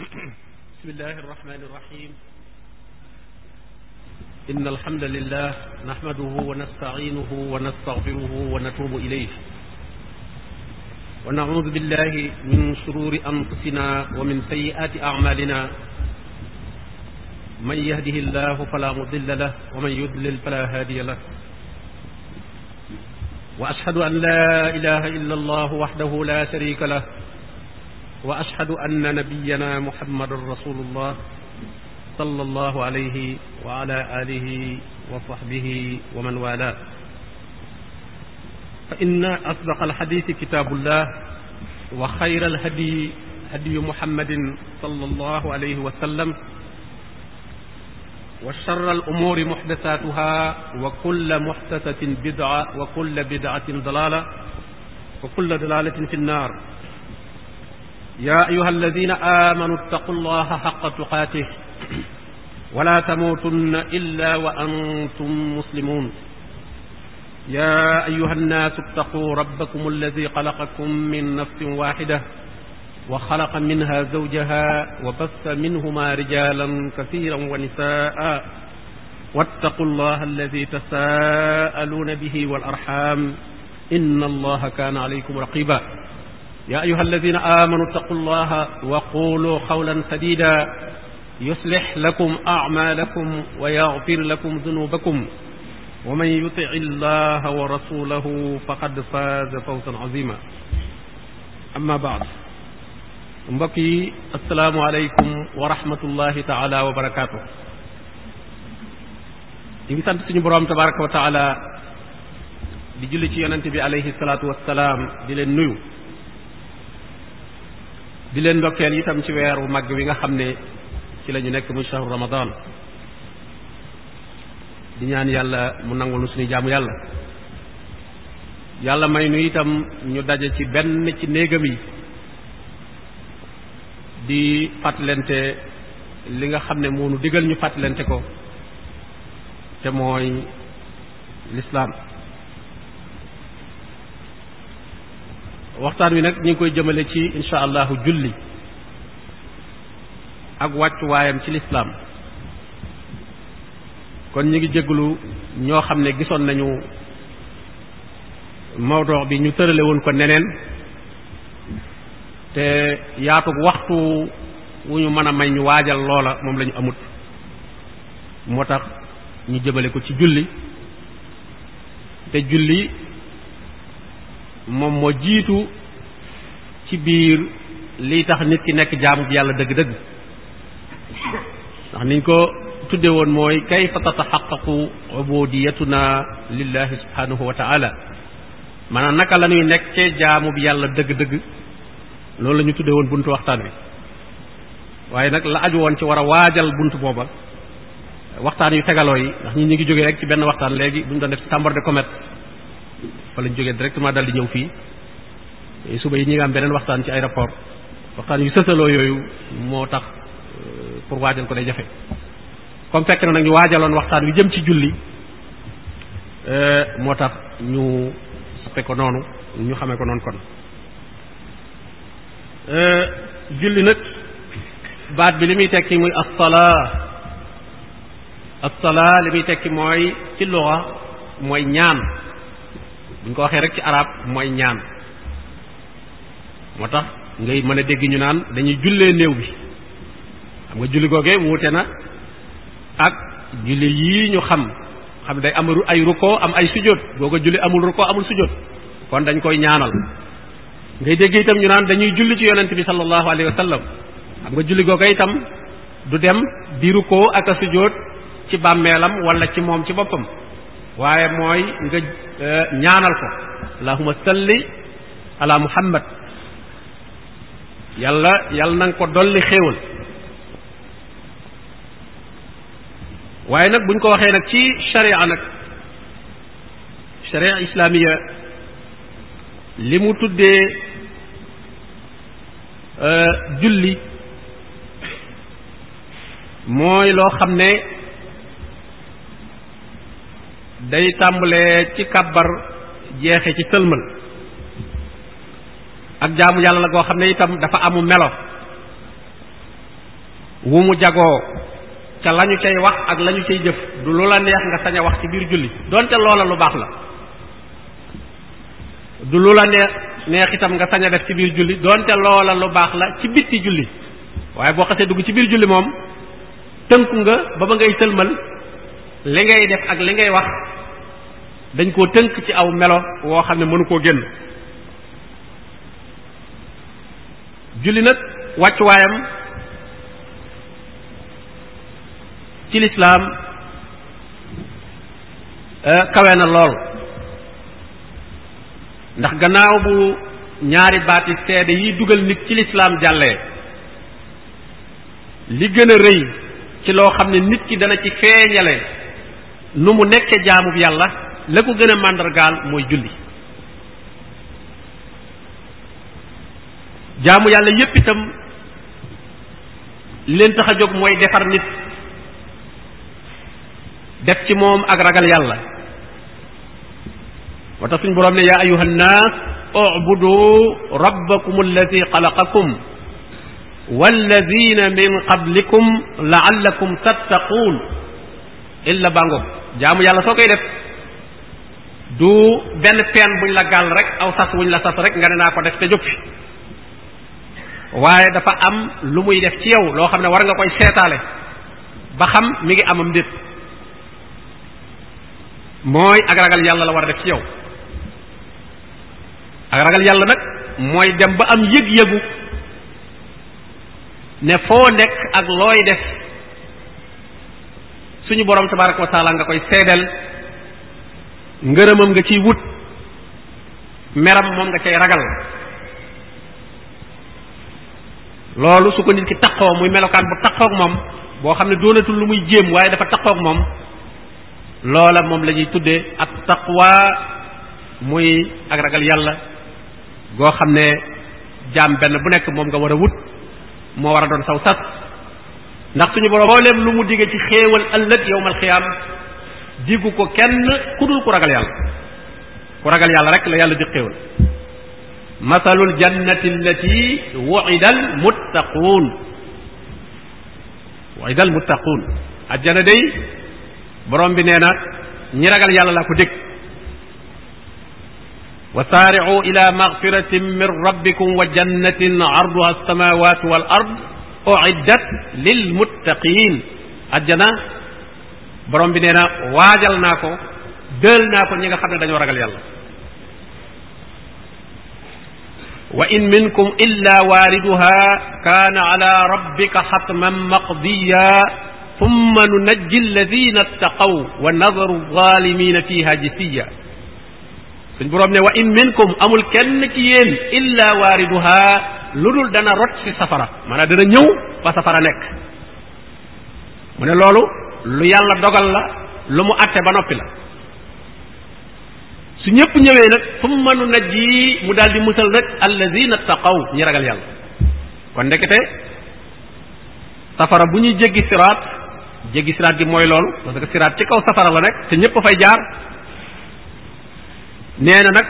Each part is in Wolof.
bismillahi arrahmani irrahim in alhamda lilah nahmaduhu wa nastaciinuhu wa nastagfiruhu wa natuubu ilayh wa nacuudu billahi min shuruuri anfusina wa min sayi'aati acmalina man yahdihi llahu fala mudilla lah wa man yudlil fala haadiya lah wa ashhadu an la ilaha illa allahu waxdahu la sharika lah wa ashhadu anna nabiyyana muhammadan rasulullah sallallahu alayhi wa ala alihi wa sahbihi wa man wala fa inna asdaqa alhadithi kitabullah wa xayra alhadiyi hadiyu muhammadin sallallahu alayhi wa sallam wa charra alumuuri muxdasatuha wa kulla muxdasatin bid'a wa kulla bid'atin dalala wa kulla dalalatin fi nnar yaa ayuha alladina amanu ittaqu llaha xaqa tuqaatih wala tamuutunna illa wa antum muslimun yaa ayuha annaasu ittaquu rabbakum alladi xalaqakum min nafsin waaxida wa xalaqa minha zawjaha wa bassa minhuma rijalan kasiran wa nisaa wattaqu allaha alladi tasaaluuna bihi wal arxam inna allaha kaana alaykum raqiba يا أيها الذين آمنوا اتقوا الله وقولوا قولا سديدا يصلح لكم أعمالكم ويغفر لكم ذنوبكم ومن يطع الله ورسوله فقد فاز فوزا عظيما أما بعد mbokk yi asalaamualeykum wa rahmatullahi taala wa barakaatu ñu ngi sant suñu boroom tabaraka wa taala di julli ci yonente bi alayhi salaatu wasalaam di leen nuyu di leen ndokkeel itam ci weeru màgg wi nga xam ne ci lañu ñu nekk muy shahru ramadan di ñaan yàlla mu nangul nu suñu jaamu yàlla yàlla may nu itam ñu daje ci benn ci néegam yi di fàttalante li nga xam ne moo nu digal ñu fàttalante ko te mooy lislaam waxtaan wi nag ñu ngi koy jëmale ci insha allahu julli ak wàccuwaayam ci lislaam kon ñu ngi jéglu ñoo xam ne gisoon nañu mawdoo bi ñu tërale woon ko neneen te yaatug waxtu wu ñu mën a may ñu waajal loola moom lañu ñu amut moo tax ñu jëmale ko ci julli te julli moom moo jiitu ci biir liy tax nit ki nekk jaamu bi yàlla dëgg-dëgg ndax niñ ko tuddee woon mooy kayfa tataxaqaqu ubudiyatuna lillahi subhanahu wa taala maanaam naka la nekk nekkee jaamu bi yàlla dëgg-dëgg loolu lañu tuddee woon buntu waxtaan wi waaye nag la aju woon ci war a waajal buntu booba waxtaan yu tegaloo yi ndax ñun ñu ngi jógee rek ci benn waxtaan léegi bu ñu doon def ci tambour de comète fa lañ jógee directement daal di ñëw fii suba yi ñi am beneen waxtaan ci aéroport waxtaan yu sësaloo yooyu moo tax euh, pour waajal ko day jafe comme fekk na nag ñu waajaloon waxtaan wi jëm ci julli euh, moo tax ñu sappe ko noonu ñu xamee ko noonu kon euh, julli nag baat bi li muy tekki muy assalaa assalaa li muy tekki mooy ci luxa mooy ñaan buñ ko waxee rek ci arab mooy ñaan moo tax ngay mën a dégg ñu naan dañuy jullee néew bi xam nga julli googee wuute na ak julli yii ñu xam xam day am ay rukkoo am ay sujjóot boo ko julli amul rukkoo amul sujjóot kon dañ koy ñaanal ngay dégg itam ñu naan dañuy julli ci yonent bi sallallahu alayhi wa xam nga julli googee itam du dem di rukkoo ak a sujjóot ci bàmmeelam walla ci moom ci boppam waaye mooy nga e, ñaanal ko allahumma salli ala muhammad yàlla yàlla na nga ko dolli xéewal waaye nag buñ ko waxee nag ci sharia nag sharia islamiya li mu tuddee e, julli mooy loo xam ne day tàmbalee ci kàbbar jeexe ci sëlmal ak jaamu yàlla la goo xam ne itam dafa amu melo wu mu jagoo ca lañu cay wax ak lañu cay jëf du lu la neex nga sañ a wax ci biir julli donte loola lu baax la du lu la neex neex itam nga sañ a def ci biir julli donte loola lu baax la ci bitti julli waaye boo xasee dugg ci biir julli moom tënku nga ba ba ngay sëlmal li ngay def ak li ngay wax dañ koo tënk ci aw melo woo xam ne mënu koo génn julli nag wàccuwaayam ci lislaam eh, kawe na lool ndax gannaaw bu ñaari baati seede yi dugal nit ci lislaam jàllee li gën a rëy ci loo xam ne nit ki dana ci feeñale nu mu nekke jaamub yàlla la ko gën màndargaal mooy julli jaamu yàlla yépp itam leen tax a jóg mooy defar nit def ci moom ak ragal yàlla moo tax suñ boroom ne yaa ayuha nnaas ubudu rabbakum alladi xalaqakum walladina min qablikum laallakum tattaquun illa bango jaamu yàlla soo koy def du benn peen buñ la gàll rek aw sas wuñ la sas rek nga ne naa ko def te jóg fi waaye dafa am lu muy def ci yow loo xam ne war nga koy seetaale ba xam mi ngi amam déet mooy ak ragal yàlla la war a def ci yow ak ragal yàlla nag mooy dem ba am yëg-yëgu ne foo nekk ak looy def suñu borom tabaraka wa taala nga koy seedeel ngërëmam nga ciy wut meram moom nga cay ragal loolu su ko nit ki taqoo muy melokaan bu taqoog moom boo xam ne doonatul lu muy jéem waaye dafa taxook moom loola moom la ñuy tuddee ak taqwa muy ak ragal yàlla goo xam ne jaam benn bu nekk moom nga war a wut moo war a doon saw sas ndax suñu borom booleem lu mu digge ci xéewal ëllëg yowmal xiyaam diggu ko kenn ku dul ku ragal yàlla ku ragal yàlla rek la yàlla di xéewal masalul jannati allati wu'ida al muttaquun wu'ida al muttaquun ajjana day borom bi nee na ñi ragal yàlla laa ko dégg wa saari'u ila maghfiratin min rabbikum wa jannatin arduha as-samawati wal ard u'iddat lil muttaqin ajjana borom bi nee na waajal naa ko dël naa ko ñi xam ne dañoo ragal yàlla wa in minkum illa waariduha kaana ala rabbika xatman maqdiya thumma nunajji alladina attaqaw wa nadaru ne wa in minkum amul kenn ci yéen illa waariduha lu dul dana rot ci safara maanaam ñëw fa nekk lu yàlla dogal la lu mu àtte ba noppi la su ñëpp ñëwee nag mu summa nu najji mu daal di musal nag allazina taqaw ñi ragal yàlla kon ndekete safara bu ñuy jéggi siraat jéggi siraat gi mooy lool parce que siraat ci kaw safara la nekk te ñëpp fay jaar nee na nag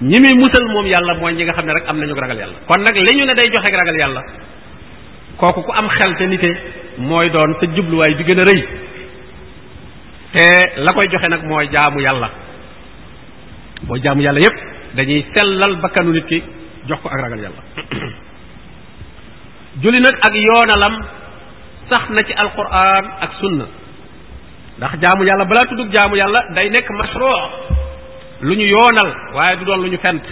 ñi muy musal moom yàlla mooy ñi nga xam ne rek am nañu ragal yàlla kon nag li ñu ne day joxe ragal yàlla kooku ku am xel te nite mooy doon sa jubluwaay bi gën a rëy te la koy joxe nag mooy jaamu yàlla mooy jaamu yàlla yépp dañuy sellal bakkanu nit ki jox ko ak ragal yàlla julli nag ak yoonalam sax na ci alquran ak sunna ndax jaamu yàlla balaa tuddug jaamu yàlla day nekk mashruu lu ñu yoonal waaye du doon lu ñu fent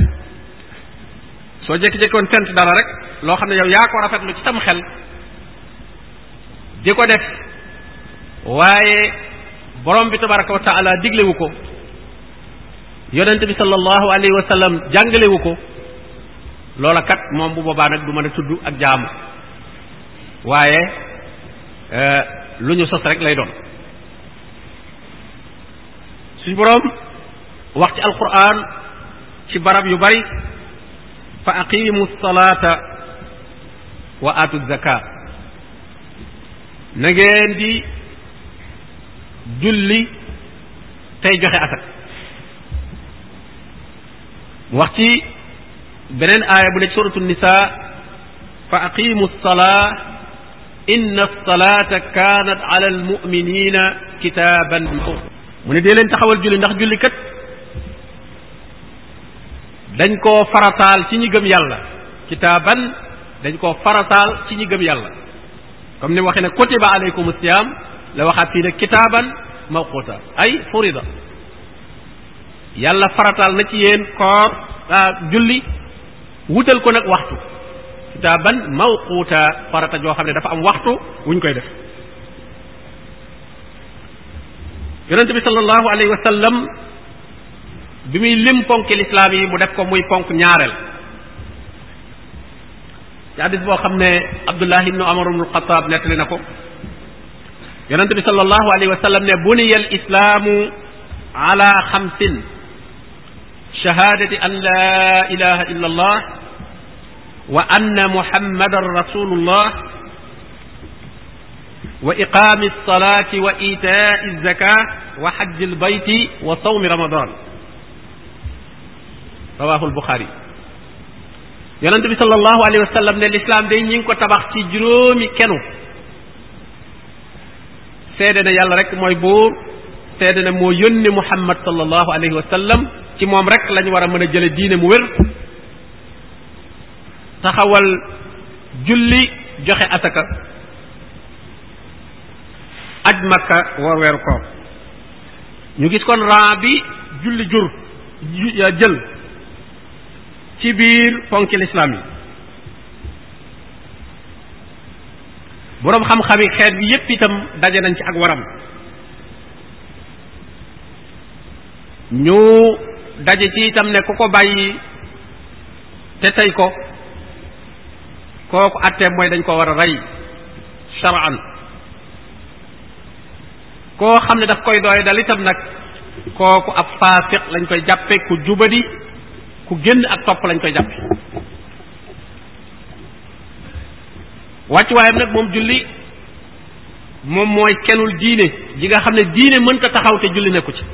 soo jékki-jékkoon fent dara rek loo xam ne yow yaa ko rafetlu ci sam xel di ko def waaye boroom bi tabaraka wa taala diglewu ko yonent bi sallallahu alayhi wa sallam jàngalewu ko loola kat moom bu boobaa du mën tudd ak jaamu waaye e, lu ñu sos rek lay doon suñu borom wax ci alquran ci barab yu bari fa aqimu salaata wa atu zaka na ngeen di julli tey joxe asaka wax ci beneen aaya bu nekk suratu nisa fa aqimu salaa inna salata kaanat ala almuminina kitaaban mu ne dee leen taxawal julli ndax julli kat dañ koo farataal ci ñi gëm yàlla kitaaban dañ koo farataal ci ñi gëm yàlla comme ni mu waxee ne kutiba alaykum siyaam la waxaat fii ne kitaaban mawquta ay furida yàlla farataal na ci yéen koor ah, julli wutal ko nag waxtu kitaaban mawquta farata joo xam ne dafa am waxtu wuñ koy def yonente bi sallallahu alayhi wa bi muy lim ponk lislaam yi mu def ko muy ponk ñaareel ci hadis boo xam ne abdullah ibnu amar ibnu alxataab nettali na ko yonente bi sallallahu alayhi wa sallam ne buniya al islaamu ala xamsin shahaadati an la ilaha illa allah wa anna muhammadan rasulullah wa iqaami alsalati wa itaai alzaka wa xajji albayti wa sawmi ramadan rawaaxul buxaari yonent bi sallallahu alayhi wa ne lislaam day ñi ngi ko tabax ci juróomi kenu seede na yàlla rek mooy buur seede na moo yónni muhammad sallallahu alayhi wa ci moom rek lañu war a mën a jële diine mu wér taxawal julli joxe asaka aj makka woor weeru koor ñu gis kon ran bi julli jur jël ci biir ponki lislaam yi boroom xam-xami xeet bi yépp itam daje nañ ci ak waram ñu daje ci itam ne ku ko bàyyi te tey ko kooku àtteem mooy dañ ko war a rey shar'an koo xam ne daf koy dooy dal itam nag kooku ab faasiq lañ koy jàppe ku jubadi ku génn ak topp lañ koy jàppe wàccuwaayam nag moom julli moom mooy kenul diine ji nga xam ne diine mënta taxaw te julli nekku ci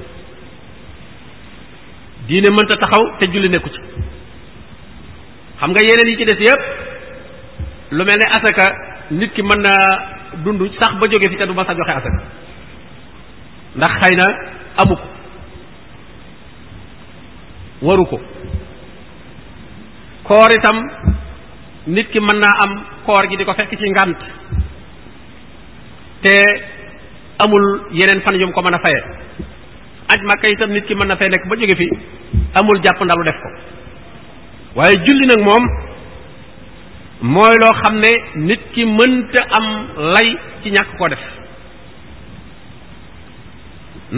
diine mënta taxaw te julli nekku ci xam nga yeneen yi ci des yépp lu mel ni asaka nit ki mën na dundu sax ba jóge fi te du ma sa joxe asaka ndax xëy na amu ko waru ko koor itam nit ki mën naa am koor gi di ko fekk ci ngànt te amul yeneen fan yum ko mën a faye aj makka tam nit ki mën na fay nekk ba jóge fi amul jàpp ndalu def waaye julli nag moom mooy loo xam ne nit ki mënta am lay ci ñàkk koo def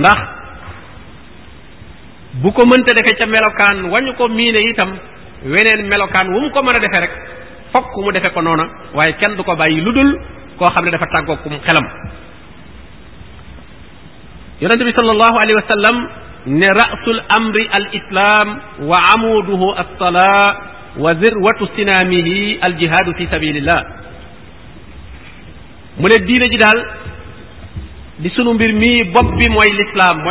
ndax bu ko mënta defee ca melokaan wañu ko miine itam weneen melokaan wu mu ko mën a defee rek fokk mu defe ko noona waaye kenn du ko bàyyi lu dul koo xam ne dafa tàggoo kum xelam yonente bi sallallahu alayhi wa sallam ne rasul amri al islam wa amuduhu alsalaa wa zirwatu sinaamihi ji daal di sunu mbir mii bopp bi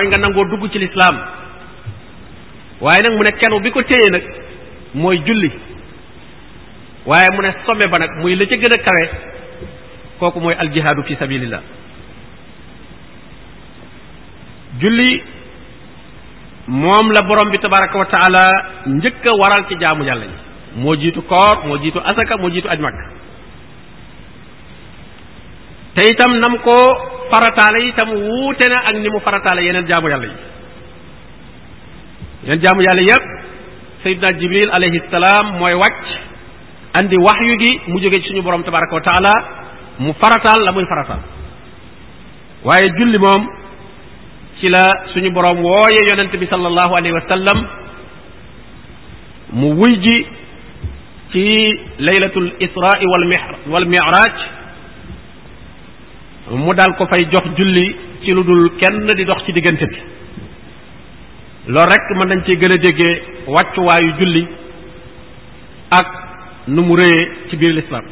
nga nangoo dugg ci lislaam waaye nag mu ne kenn bi ko téye nag mooy julli waaye mu ne somme ba nag muy la gën a kawe kooku mooy aljihaadu fi sabilillah julli moom la borom bi tabaraka wa njëkk a waral ci jaamu yàlla yi moo jiitu koor moo jiitu asaka moo jiitu aj te itam nam ko farataale itam wuute na ak ni mu farataale yeneen jaamu yàlla yi yeneen jaamu yàlla yépp sayyidina jibril alayhi salaam mooy wàcc andi waxyu gi mu jóge ci suñu borom tabaraka wa taala mu farataal la muy farataal waaye julli moom ci la suñu borom wooye yonent bi sallallahu alayhi wa sallam mu wuy ji ci laylatul israa wal mi wal miraaj mu dal ko fay jox julli ci lu dul kenn di dox ci diggante bi loolu rek mën nañ cee gën a déggee wàccuwaayu julli ak nu mu rëyee ci biir lislaam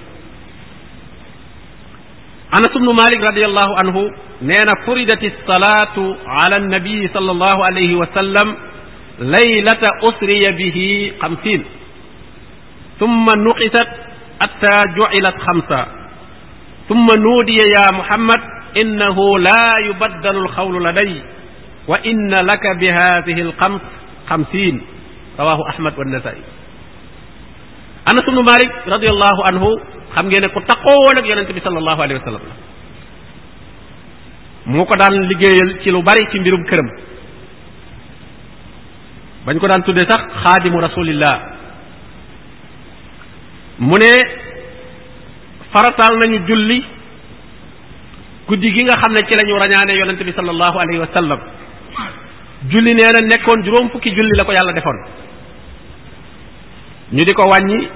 anas ibnu malik radiallahu anhu nee na furidati salaatu ala annabii sallallahu alayhi wa sallam laylata usriya bihi xamsiin summa nuqisat hatta ju'ilat xamsa summa nuudiya ya muhammad innahu la yubaddalu alxawlu laday wa inna laka bi haadihi alxams xamsiin rawahu ahmad wa nasai anas ibnu malik radiallahu anhu xam ngeen ne ku taqoowoon ak yonente bi sallallahu alayhi wa sallam la ko daan liggéeyal ci lu bari ci mbirum këram bañ ko daan tuddee sax xaadimu rasulillah mu ne farataal nañu julli guddi ki nga xam ne ci lañu rañaane yonente bi sallallahu alayhi wa sallam julli nee na nekkoon juróom fukki julli la ko yàlla defoon ñu di ko wàññi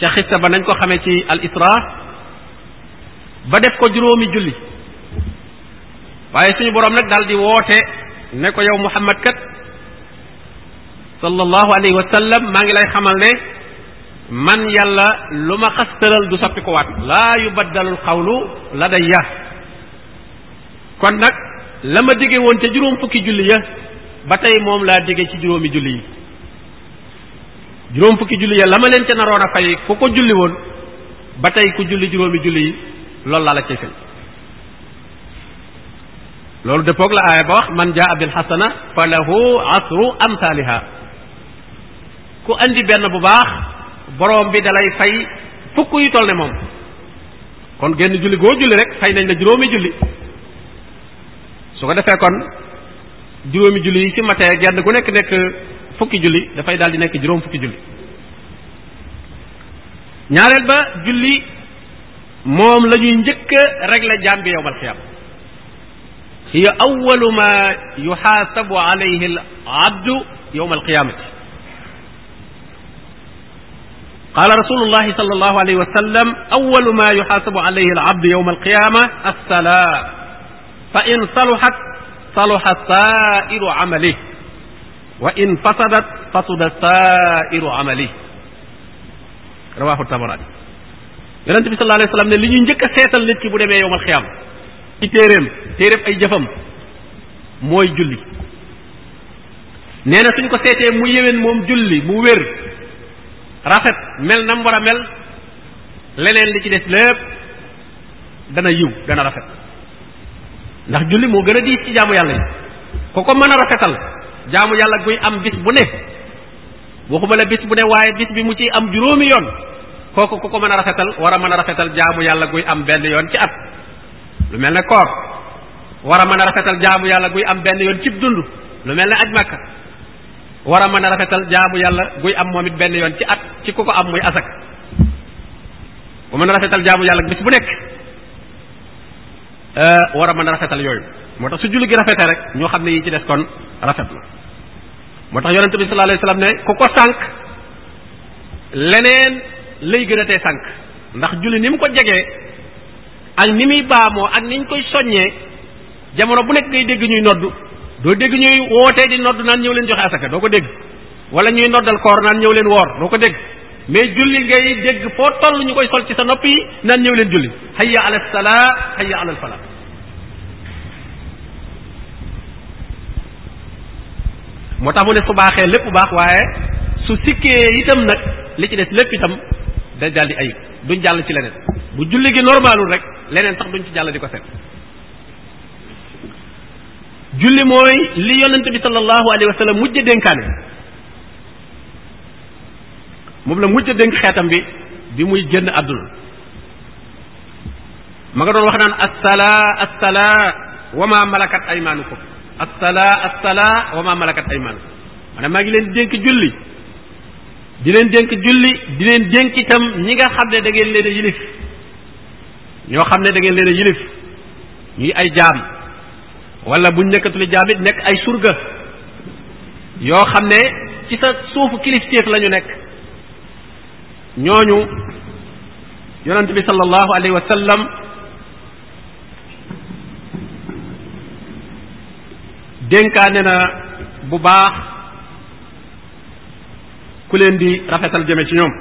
ca xissa ba nañ ko xamee ci al ba def ko juróomi julli waaye suñu boroom nag daal di woote ne ko yow muhammad kat sallallahu alayhi maa ngi lay xamal ne man yàlla lu ma xas tëral du soppi ko waat laa yubaddalu alqawlu ladayya kon nag la ma dige woon ca juróom fukki julli ya ba tey moom laa dige ci juróomi julli yi juróom fukki julli ya la ma leen ca naroon a fay ku ko julli woon ba tey ku julli juróomi julli yi loolu laa la cay fay loolu dëppoog la aaya ba wax man jaa bil xasana fa lahu asru amsaaliha ku indi benn bu baax boroom bi dalay fay fukk yu toll ne moom kon genn julli goo julli rek fay nañ la juróomi julli su ko defee kon juróomi julli yi ci matee genn gu nekk nekk fukki julli dafay daal di nekk juróom fukki julli ñaareel ba julli moom la ñuy njëkk a régler jaam bi yowmal xiyaam hiya awalu ma yuxaasabu alayhi al abdu yowmal qiyaamati qaala rasulullahi sallallahu alayhi wa sallam awalu ma yuxaasabu alayhi al abdu yowmal qiyaama assalaam fa in saluhat saluha sairu amali wa in fasadat fasada sairu amali rawahu tabaraani yonent bi sallallahu alayhi wa sallam ne li ñuy njëkk a seetal nit ki bu demee yowmal xiyaam ci téeréem téeréem ay jëfam mooy julli nee na suñ ko seetee mu yéwén moom julli mu wér rafet mel nam war a mel leneen li ci des lépp dana yiw dana rafet ndax julli moo gën a diis ci jaamu yàlla yi ko mën a rafetal jaamu yàlla guy am bis bu ne waxuma la bis bu ne waaye bis bi mu ci am juróomi yoon kooku ku ko mën a rafetal war a mën a rafetal jaamu yàlla guy am benn yoon ci at lu mel ne koor war a mën a rafetal jaamu yàlla guy am benn yoon cib dund lu mel ne aj makka war a mën a rafetal jaamu yàlla guy am moom it benn yoon ci at ci ku ko am muy asak bu mën a rafetal jaamu yàlla bis bu nekk Euh, war a mën a rafetal yooyu moo tax su julli gi rafetee rek ñoo xam ne yi ci des kon rafet na moo tax yonente bi sallallahu alayhi wasallam ne ku ko sànq leneen lay gën a sànq ndax julli ni mu ko jegee ak ni muy baamoo ak ni ñu koy soññee jamono bu nekk ngay dégg ñuy nodd doo dégg ñuy wootee di nodd naan ñëw leen joxe asaka doo ko dégg wala ñuy noddal koor naan ñëw leen woor doo ko dégg mais julli ngay dégg foo toll ñu koy sol ci sa nopp yi naan ñëw leen julli hayya ala salaa hayya ala falaa moo tax mu ne su baaxee lépp baax waaye su sikkee itam nag li ci des lépp itam day daldi ayib duñ jàll ci leneen bu julli gi normalul rek leneen sax duñ ci jàll di ko seet julli mooy li yonent bi sallallahu alayhi wa mujj dénkaane moom la mujj a dénk xeetam bi bi muy génn àdduna ma nga doon wax naan assala assala wa ma malakat aymaanukum assala assala wa ma malakat aymaanukum maanaam maa ngi leen dénk julli di leen dénk julli di leen dénk itam ñi nga xam ne dangeen ngeen leen a yilif ñoo xam ne dangeen ngeen leen a yilif ñuy ay jaam walla bu nekkatule jaam it nekk ay surga yoo xam ne ci sa suufu kilifteef la ñu nekk ñooñu yonent bi sallallahu alayhi wa dénkaane na bu baax ku leen di rafetal jëme ci ñoom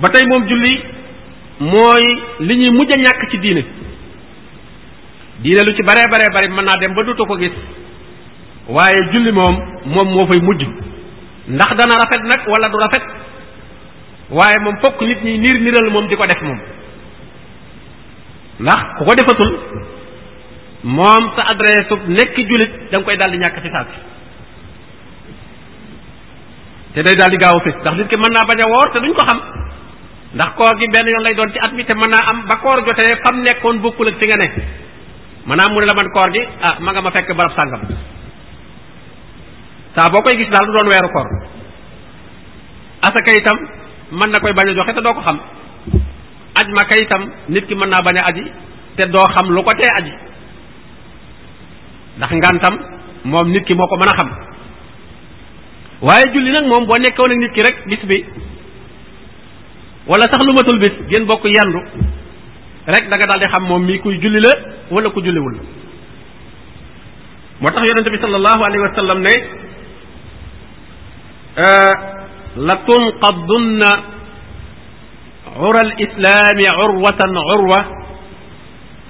ba tey moom julli mooy li ñuy mujj a ñàkk ci diine diine lu ci baree baree bari mën naa dem ba dutu ko gis waaye julli moom moom moo fay mujj ndax dana rafet nag wala du rafet waaye moom fokk nit ñi niir niral moom di ko def moom ndax ku ko defatul moom sa adresse nekk jullit da koy daal di ñàkk ci saasi te day daal gaaw a fës ndax nit ki mën naa bañ a woor te duñ ko xam ndax koor gi benn yoon lay doon ci at mi te mën naa am ba koor jotee fam nekkoon bokkul ak fi nga ne maanaam mu ne la man koor gi ah ma nga ma fekk barab sàngam saa boo koy gis daal du doon weeru koor asaka itam mën na koy bañ a joxe te doo ko xam aj maka itam nit ki mën naa bañ a aji te doo xam lu ko tee aji ndax ngàntam moom nit ki moo ko mën a xam waaye julli nag moom boo nekkoon ak nit ki rek bis bi wala sax lu matul bis ngeen bokk yandu rek danga nga daal di xam moom mii kuy julli la wala ku julliwul moo tax yonente bi sallallahu alayhi wa ne la tunqadunna ura al islaami urwatan urwa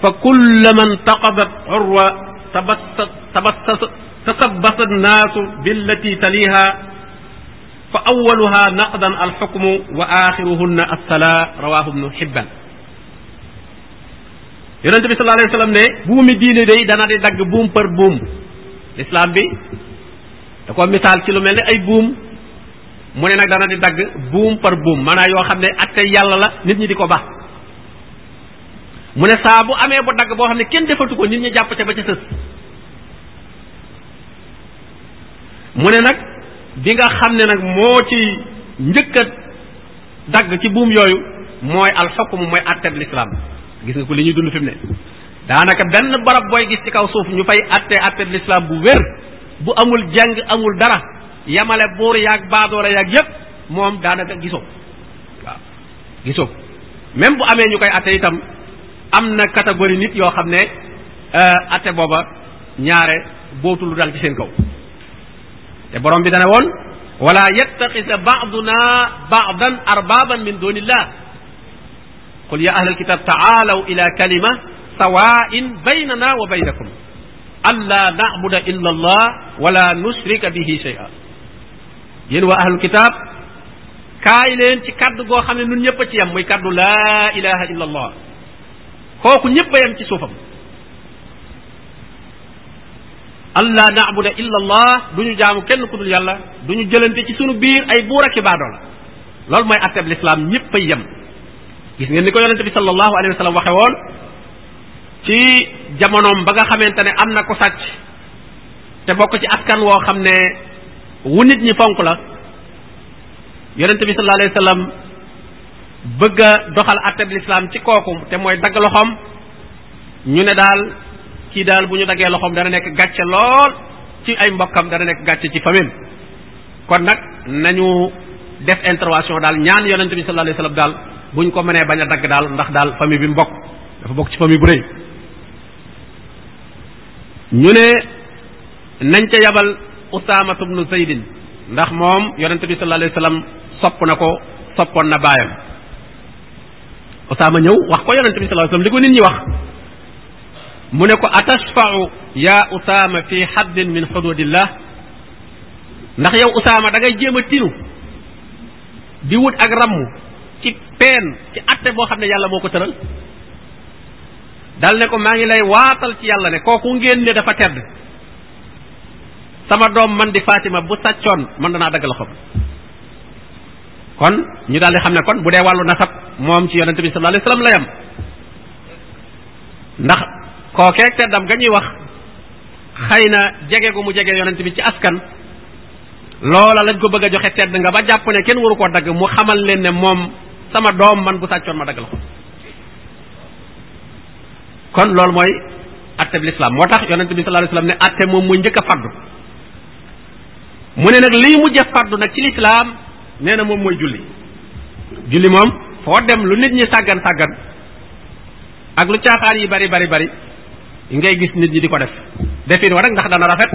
fa kulla man taqadat urwa tabassat tabassat tasabbasa annaasu billati taliha fa awaluha naqdan alxukmu wa axiruhunna alsalaa rawahu bnu xibban yonente bi sallallahu alayhi wa sallam ne buumi diine day dana di dagg buum par buum lislaam bi da ko misaal ci lu mel ne ay buum mu ne nag dana di dagg buum par buum maanaam yoo xam ne atte yàlla la nit ñi di ko ba mu ne saa bu amee bu dagg boo xam ne kenn defatu ko nit ñi jàpp ca ba ca sës mu ne nag bi nga xam ne nag moo ci njëkk dagg ci buum yooyu mooy alxukm mooy atteb lislaam gis nga ko li ñuy dund fi ne daanaka benn barab booy gis ci kaw suuf ñu fay atte atteb lislaam bu wér bu amul jàng amul dara yamale buur yaag baadoola yaag yëpp moom daanaka gisoo waaw gisoo bu amee ñu koy atte itam am na catégorie nit yoo xam ne euh, atte booba ñaare bootu lu ci seen kaw te borom bi dana woon wala yattaxisa baaduna baadan arbaaban min dunillah qul ya ahlal kitab taalaw ila kalima sawain baynana wa baynakum an la illa allah wala nushrika bihi shay'a yéen waa ahlul kitaab kaay leen ci kaddu goo xam ne nun ñëpp a ci yem muy kàddu laa ilaha illa kooku ñëpp a ci suufam allah na illa allah du ñu jaamu kenn ku dul yàlla du ñu ci sunu biir ay buur ak loolu mooy atteb ñëpp a yem gis ko yonente waxe woon ba nga xamante ne am na ko sàcc te bokk ci askan woo xam ne wu nit ñi fonk la yonente bi sallallahu alayhi wa sallam bëgg a doxal atteb lislaam ci kooku te mooy dagg loxoom ñu ne daal kii daal bu ñu daggee loxoom dana nekk gàcce lool ci ay mbokkam dana nekk gàcce ci famille kon nag nañu def intervention daal ñaan yonente bi sallallahu alayhi wa daal bu ñu ko mënee bañ a dagg daal ndax daal famille bi mu bokk dafa bokk ci famille bu rëy ñu ne nañ ca yabal usaamatu bnu zaydin ndax moom yonente bi sallallahu alayhi sopp na ko soppoon na baayam usaama ñëw wax ko yonente bi sallallahu alayhi li ko nit ñi wax mu ne ko atashfa'u ya usaama fi haddin min hududillah ndax yow usaama dangay ngay jéem a tinu di wut ak ramm ci peen ci atte boo xam ne yàlla moo ko tëral dal ne ko maa ngi lay waatal ci yàlla ne kooku ngeen ne dafa tedd sama doom man di Fatima bu sàccoon man danaa dagg loxoom kon ñu daal di xam ne kon bu dee wàllu nasab moom ci yonente bi sallallahu alayhi wasallam la yam ndax kookeeg teddam ga ñuy wax xëy na jege ko mu jege yonente bi ci askan loola lañ ko bëgg a joxe tedd nga ba jàpp ne kenn waru koo dagg mu xamal leen ne moom sama doom man bu sàccoon ma dagg loxoom kon loolu mooy atte bi lislaam moo tax yonente bi sallallahu alayhi wasallam ne atte moom muy njëkk a faddu mu ne nag liy mujj fardu nag ci lislaam nee na moom mooy julli julli moom foo dem lu nit ñi sàggan sàggan ak lu caaxaan yi bari bari bari ngay gis nit ñi di ko def defin wa rek ndax dana rafet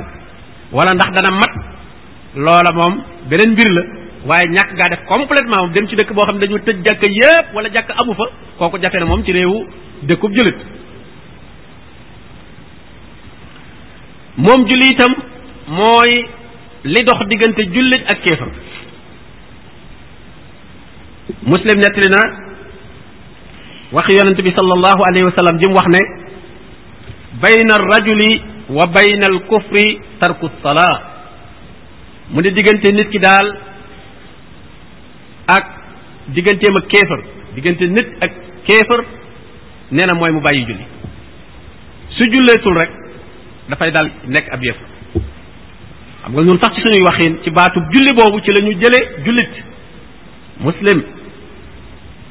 wala ndax dana mat loola moom beneen mbir la waaye ñàkk gaa def completement moom dem ci dëkk boo xam ne dañu tëj jàkk yépp wala jàkk amu fa kooku jafe na moom ci réewu dëkkub jullit moom julli itam mooy li dox diggante jullit ak kéefar muslim nettali na wax yonent bi sallallahu alayhi wa sallam ji wax ne bayna rajuli wa bayna al kufri tarku salaa mu ne diggante nit ki daal ak digganteem ak kéefar diggante nit ak kéefar nee na mooy mu bàyyi julli su julleetul rek dafay dal nekk ab yëf xam nga ñun sax ci suñuy waxin ci baatub julli boobu ci la ñu jële jullit muslim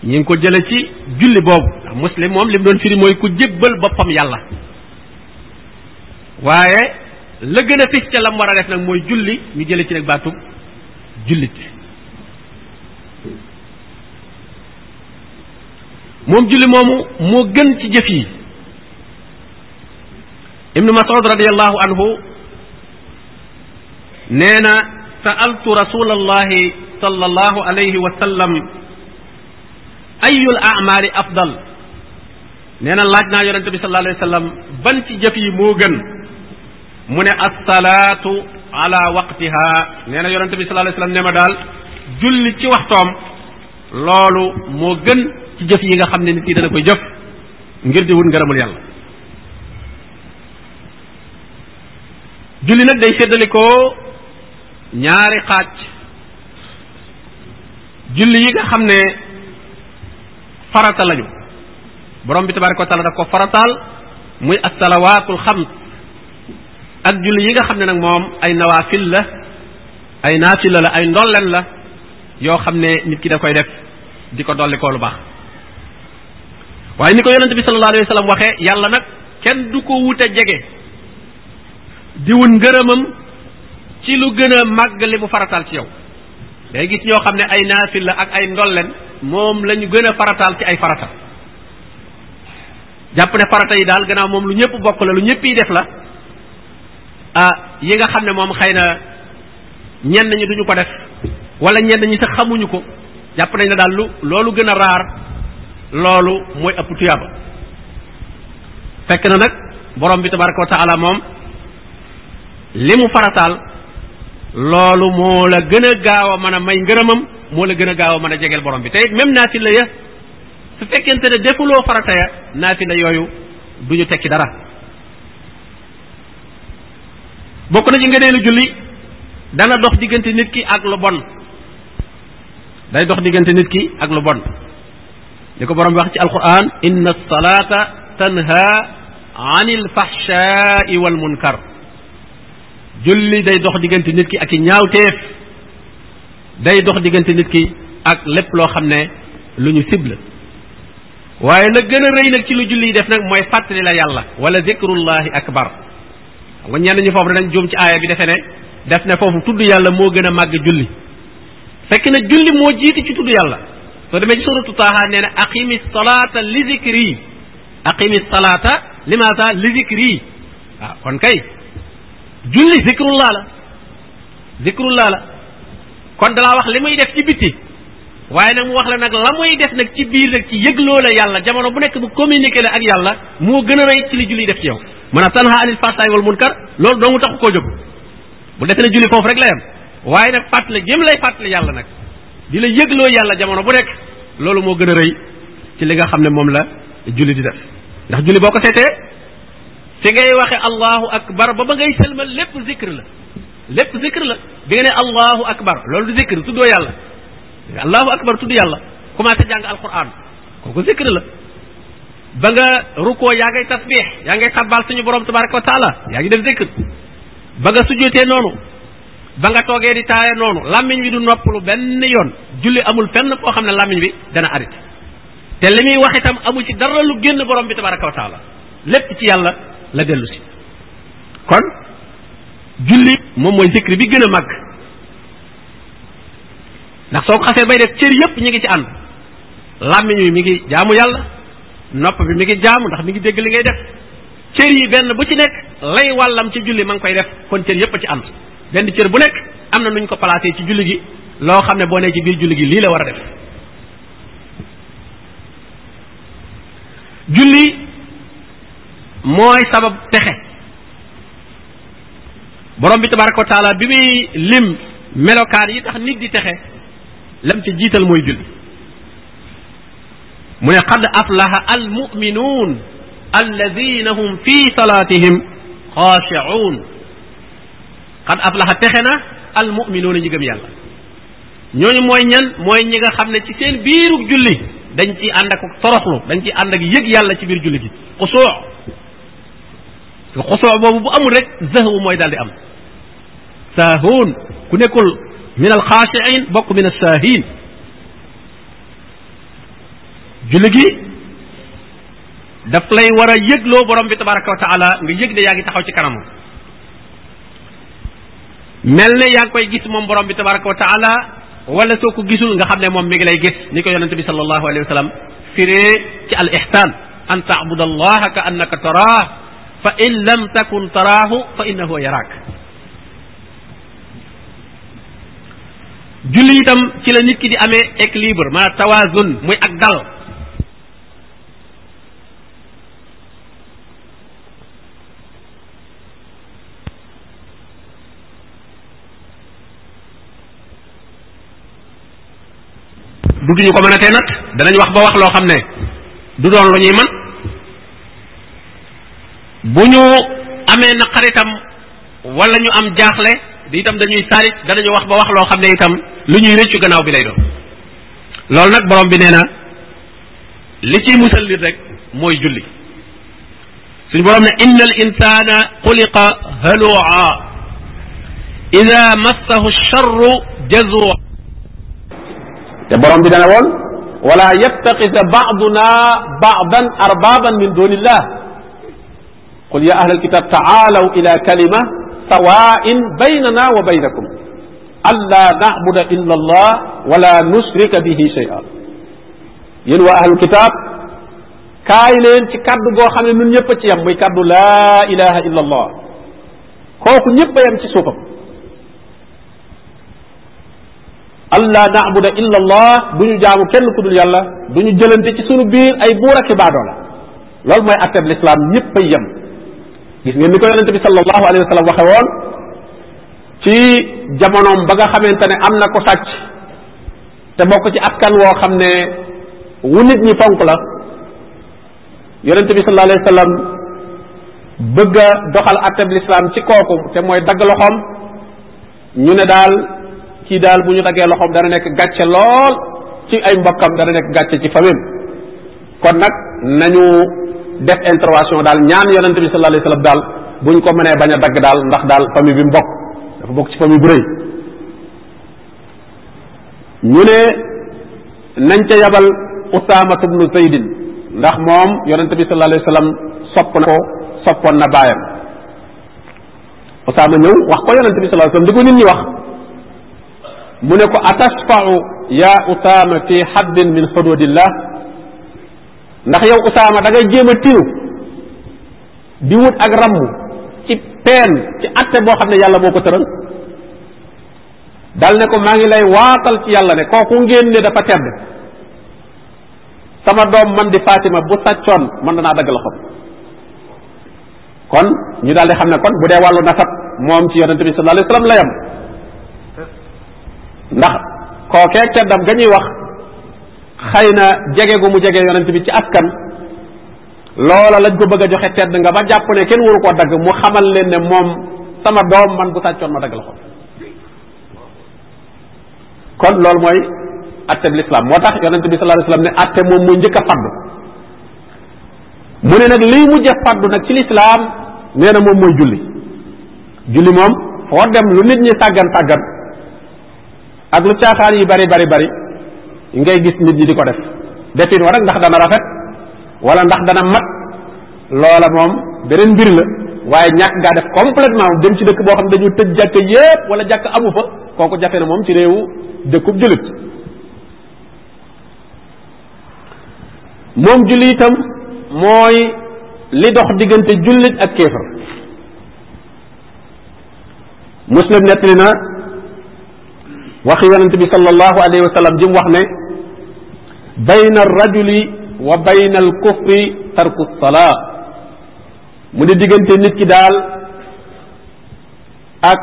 ñi ngi ko jële ci julli boobu ndax muslim moom lim doon firi mooy ku jébbal boppam yàlla waaye la gën a fis ca lam war a def nag mooy julli ñu jële ci nag baatub jullit moom julli moomu moo gën ci jëf yi ibnu mas'ud radiyallahu anhu nee na sa'altu rasulallahi sallallahu alayhi wa sallam ayul amali afdal nee na laaj naa yonente bi sallallahu alayhi wa sallam ban ci jëf yi moo gën mu ne assalaatu ala waqtiha nee na yonente bi sallallahu alayhi wa sallam ne ma daal julli ci waxtoom loolu moo gën ci jëf yi nga xam ne nit yi dana koy jëf ngir di wut ngërëmul yàlla julli nag day séddalikoo ñaari xaaj julli yi nga xam ne farata lañu borom bi tabaraka wa daf ko farataal muy assalawaatul xams ak julli yi nga xam ne nag moom ay nawaafil la ay naafila la ay ndolleen la yoo xam ne nit ki da koy def di ko dolli koo lu baax waaye ni ko yonente bi sallallahu alayhi yàlla nag kenn du ko wute jege diwun ngërëmam ci lu gën a màgg li mu farataal ci yow day gis ñoo xam ne ay naafil la ak ay ndolleen moom lañu ñu gën a farataal ci ay farata jàpp ne farata yi daal gannaaw moom lu ñëpp bokk la lu ñëpp yi def la ah yi nga xam ne moom xëy na ñenn ñi duñu ko def wala ñenn ñi sax xamuñu ko jàpp nañ ne daal lu loolu gën a raar loolu mooy ëpp tuyaaba fekk na nag borom bi tabaraka wa moom li mu farataal loolu moo la gën a gaaw a mën a may ngërëmam moo la gën a gaaw a mën a jegeel borom bi te it même naafila ya su fekkente ne defuloo farata ya naafila yooyu du ñu tekki dara bokk na ci ngëneelu julli dana dox diggante nit ki ak lu bon day dox diggante nit ki ak lu bon li ko borom bi wax ci alquran inna salaata tanha anil fahshai wal munkar julli day dox diggante nit ki ak i ñaawteef day dox diggante nit ki ak lépp loo xam ne lu ñu sib waaye la gën a rëy nag ci lu julli def nag mooy fàttali la yàlla wala zikrullahi akbar xam nga ñenn ñu foofu danañ juum ci aaya bi defe ne def ne foofu tudd yàlla moo gën a màgg julli fekk na julli moo jiiti ci tudd yàlla soo demee ci suratu taaha nee na aqimi salaata li zikri aqimi salaata limaata li zikri waaw kon kay julli zikrullah la laa la kon dalaa wax li muy def ci bitti waaye nag mu wax la nag la muy def nag ci biir rek ci yëgloo la yàlla jamono bu nekk bu communiqué la ak yàlla moo gën a rëy ci li julli def ci yow maanaam tanha anil fahsaa'i wal munkar loolu doo mu taxu koo jóg bu defee ne julli foofu rek la yam waaye nag fàttali jëm lay fàttali yàlla nag di la yëgloo yàlla jamono bu nekk loolu moo gën a rëy ci li nga xam ne moom la julli di def fi ngay waxe allahu akbar ba ba ngay sëlmal lépp zikr la lépp zikr la bi nga ne allahu akbar loolu du zikr tuddoo yàlla allahu akbar tudd yàlla commencé jàng alquran kooku zikr la ba nga rukkoo yaa ngay tasbix yaa ngay xabbaal suñu borom tabaraka wa taala yaa ngi def zikr ba nga sujjootee noonu ba nga toogee di taaya noonu làmmiñ bi du noppalu benn yoon julli amul fenn foo xam ne làmmiñ bi dana arrêté te li muy wax itam amu ci dara lu génn borom bi tabaraka wa taala lépp ci yàlla la dellu si kon julli moom mooy zikri bi gën a mag ndax soo ko xasee bay def cër yépp ñu ngi ci ànd làmmiñ wi mi ngi jaamu yàlla nopp bi mu ngi jaamu ndax mi ngi dégg li ngay def cër yi benn bu ci nekk lay wàllam ci julli ma ngi koy def kon cër yépp a ci ànd benn cër bu nekk am na nuñ ko placé ci julli gi loo xam ne boo nee ci biir julli gi lii la war a def julli mooy sabab texe borom bi tabaraka wa bi muy lim melokaan yi tax nit di texe lam ci jiital mooy julli mu ne qad aflaha almuminuun alladina hum fi salaatihim xaashicuun qad aflaha texe na almuminuuna ñi gëm yàlla ñooñu mooy ñan mooy ñi nga xam ne ci seen biirug julli dañ ci ànd ak toroxlu dañ ci ànd ak yëg yàlla ci biir julli gi xosoo boobu bu amul rek zahwu mooy daal di am saahoon ku nekkul min al xaashiin bokk min al saahiin julli gi daf lay war a yëgloo borom bi tabaraka wa taala nga yëg ne yaa ngi taxaw ci kanamam mel ne yaa ngi koy gis moom borom bi tabaraka wa taala wala soo ko gisul nga xam ne moom mi ngi lay gis ni ko yonente bi sallallahu alayhi wa sallam firee ci al ihsan an taabuda allaha ka annaka taraah fa in lam takun taraahu fa innahu yaraak julli itam ci la nit ki di amee équilibre maanaam tawazun ak dal dutuñu ko mën a tee nat danañ wax ba wax loo xam ne du doon lu ñuy mën bu ñu amee naqar itam am jaaxle di tam dañuy saalit danañu wax ba wax loo xam itam lu ñuy rëccu gannaaw bi lay nag borom bi nee na li rek mooy julli suñu borom ne inna al insana xuliqa halua ida massahu charru jazua te borom bi dana woon wala yattaxisa baaduna baadan arbaban min dunillah qul ya ahlal kitab taalaw ila kalima sawain baynana wa baynakum alla na'buda illa allah wala nusrika bihi shay'a yéen waa ahlul kitab kaay leen ci kaddu goo xam ne nun ñëpp a ci yem muy kaddu laa ilaha illa allah kooku ñëpp a yem ci suufam allah naabuda illa allah du ñu jaamu kenn ku dul yàlla du ñu jëlante ci sunu biir ay buur ak i baadoo la loolu mooy atteb lislaam ñëpp a yem gis ngeen ni ko yonente bi sallallahu alayhi ci jamonoom ba nga xamante ne am na ko sàcc te bokk ci askan woo xam ne wu nit ñi ponk la yonente bi sallallahu alayhi wa doxal atteb lislaam ci kooku te mooy dagg loxoom ñu ne daal kii daal bu ñu daggee loxoom dana nekk gàcce lool ci ay mbokkam dana nekk gàcce ci famille kon nag nañu def intervention daal ñaan yonente bi sallallahu alayhi wasallam daal bu buñ ko mënee bañ a dagg daal ndax daal famille bi mu bokk dafa bokk ci famille bu rëy ñu ne nañ ca yabal Usaama ibnu ndax moom yonente bi sallallahu alayhi wasallam sopp na ko soppoon na baayam Usaama ñëw wax ko yonente bi sallallahu alayhi wasallam di ko nit ñi wax mu ne ko atashfa'u ya Usaama fi haddin min hududillah ndax yow usaama da ngay jéem a tiru di wut ak ramm ci peen ci atte boo xam ne yàlla moo ko tëral dal ne ko maa ngi lay waatal ci yàlla ne kooku ngeen ne dafa tedd sama doom man di Fatima bu sàccoon mën danaa dagg loxoom kon ñu daal di xam ne kon bu dee wàllu nasab moom ci yonente bi sallallahu alayhi la yam ndax kookee teddam ga ñuy wax xëy na jege ko mu jege yonent bi ci askan loola lañ ko bëgg a joxe tedd nga ba jàpp ne kenn waru koo dagg mu xamal leen ne moom sama doom man bu sàccoon ma dagg la ko kon loolu mooy atte bi lislaam moo tax yonent bi sallallahu alayhi wasallam moom mooy njëkk a faddu mu ne nag liy mujje faddu nag ci lislaam nee na moom mooy julli julli moom foo dem lu nit ñi sàggan sàggan ak lu caaxaan yi bari bari bari ngay gis nit ñi di ko def defin wa nag ndax dana rafet wala ndax dana mat loola moom beneen mbir la waaye ñàkk gaa def complètement dem ci dëkk boo xam ne dañu tëj jàkk yépp wala jàkk amu fa kooku jafe na moom ci réew dëkkub jullit moom julli itam mooy li dox diggante jullit ak kéefar muslim nettali na waxi yonente bi sallallahu alayhi wa sallam jim wax ne bayna rajuli wa bayna al kufri tarku salaa mu ne diggante nit ki daal ak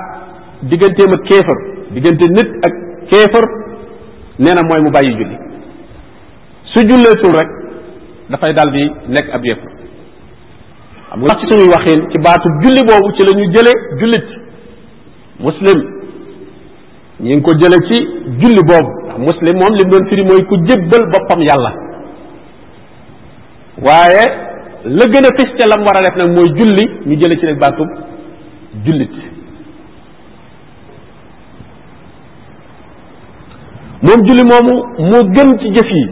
digganteem ak kéefar diggante nit ak kéefar nee na mooy mu bàyyi julli su julleetul rek dafay daal di nekk ab yéefar xam nga ci suñuy waxin ci baatu julli boobu ci lañuy jële jullit muslim ñi ngi ko jële ci julli boobu muslim moom li mu doon firi mooy ku jébbal boppam yàlla waaye la gën a fis ca lam war a def nag mooy julli ñu jële ci nag baatub jullit moom julli moomu moo gën ci jëf yi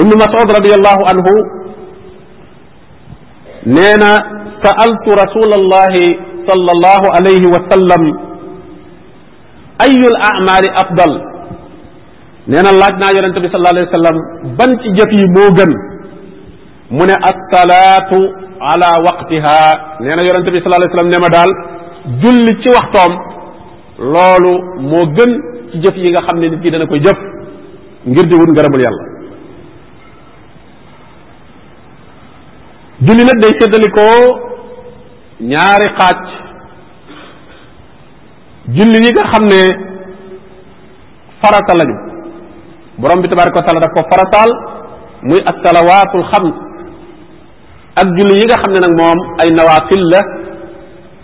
ibnu mas'ud radiallahu anhu nee na sa'altu rasulallahi sallallahu alayhi wa sallam ayul amali afdal nee na laaj naa yonente bi sallallahu alayhi wa sallam ban ci jëf yi moo gën mu ne assalaatu ala waqtiha nee na yonente bi sallallahu alayhi ne ma daal julli ci waxtoom loolu moo gën ci jëf yi nga xam ne nit ki dana koy jëf ngir di wut ngërëmul yàlla julli nag day séddalikoo ñaari xaaj julli yi nga xam ne farata lañu borom bi tabaraka wa taala daf ko farataal muy assalawaatul xams ak julli yi nga xam ne nag moom ay nawaafil la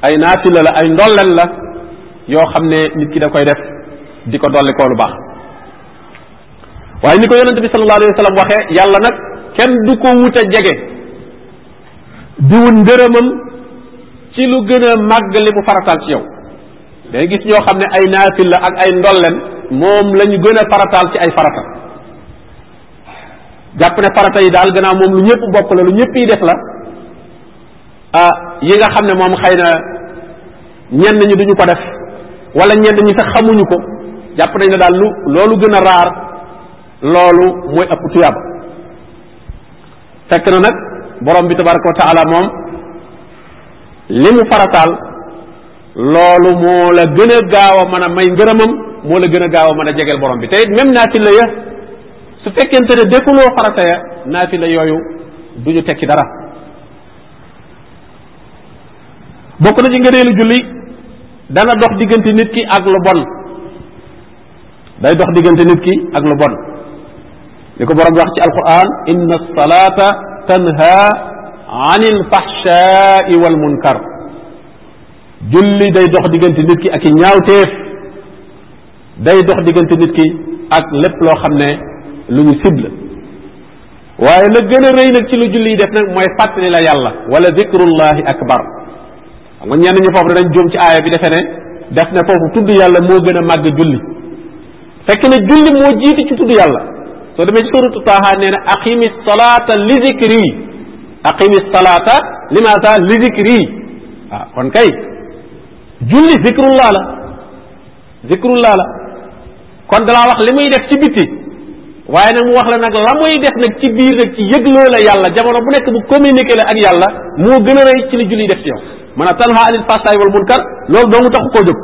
ay naafila la ay ndolleen la yoo xam ne nit ki da koy def di ko dolli koo lu baax waaye ni ko yonente bi sallallahu alayhi yàlla nag kenn du ko wut a jege di wut ndërëmam ci lu gën a màgg li mu farataal ci yow day gis ñoo xam ne ay naafil la ak ay ndolleen moom la ñu gën a farataal ci ay farata jàpp ne farata yi daal gannaaw moom lu ñëpp bokk la lu ñëpp yi def la ah yi nga xam ne moom xëy na ñenn ñi duñu ko def wala ñenn ñi sax xamuñu ko jàpp nañ ne daal lu loolu gën a raar loolu mooy ëpp tuyaaba fekk na nag borom bi tabaraka wa moom li mu farataal loolu moo la gën a gaaw a mën a may ngërëmam moo la gën a gaaw a mën a jegeel borom bi te it même naafila ya su fekkente ne dékuloo farata ya naafila yooyu du ñu tekki dara bokk na ci ngëneelu julli dana dox diggante nit ki ak lu bon day dox diggante nit ki ak lu bon li ko borom bi wax ci alquran inna salata tanha anil fahshai wal munkar julli day dox diggante nit ki ak i ñaawteef day dox diggante nit ki ak lépp loo xam ne lu ñu cible waaye la gën a rëy nag ci lu julli yi def nag mooy fàttali la yàlla wala zikrullahi akbar xam nga ñenn ñu foofu dañ jóom ci aaya bi defe def ne foofu tudd yàlla moo gën a màgg julli fekk ne julli moo jiitu ci tudd yàlla soo demee ci suratu taaha nee na aqimi salata li zikri aqimi salata limaata li zikri waaw ah, kon kay julli zikrullaa la zikrullaa la kon dalaa wax li muy def ci biti waaye nag mu wax la nag la muy def nag ci biir nag ci yëgloo la yàlla jamono bu nekk bu communiqué la ak yàlla moo gën a rëy ci li julli def ci yow maanaam tanha anil fahsaa'i wal munkar loolu doo mu taxu koo jóg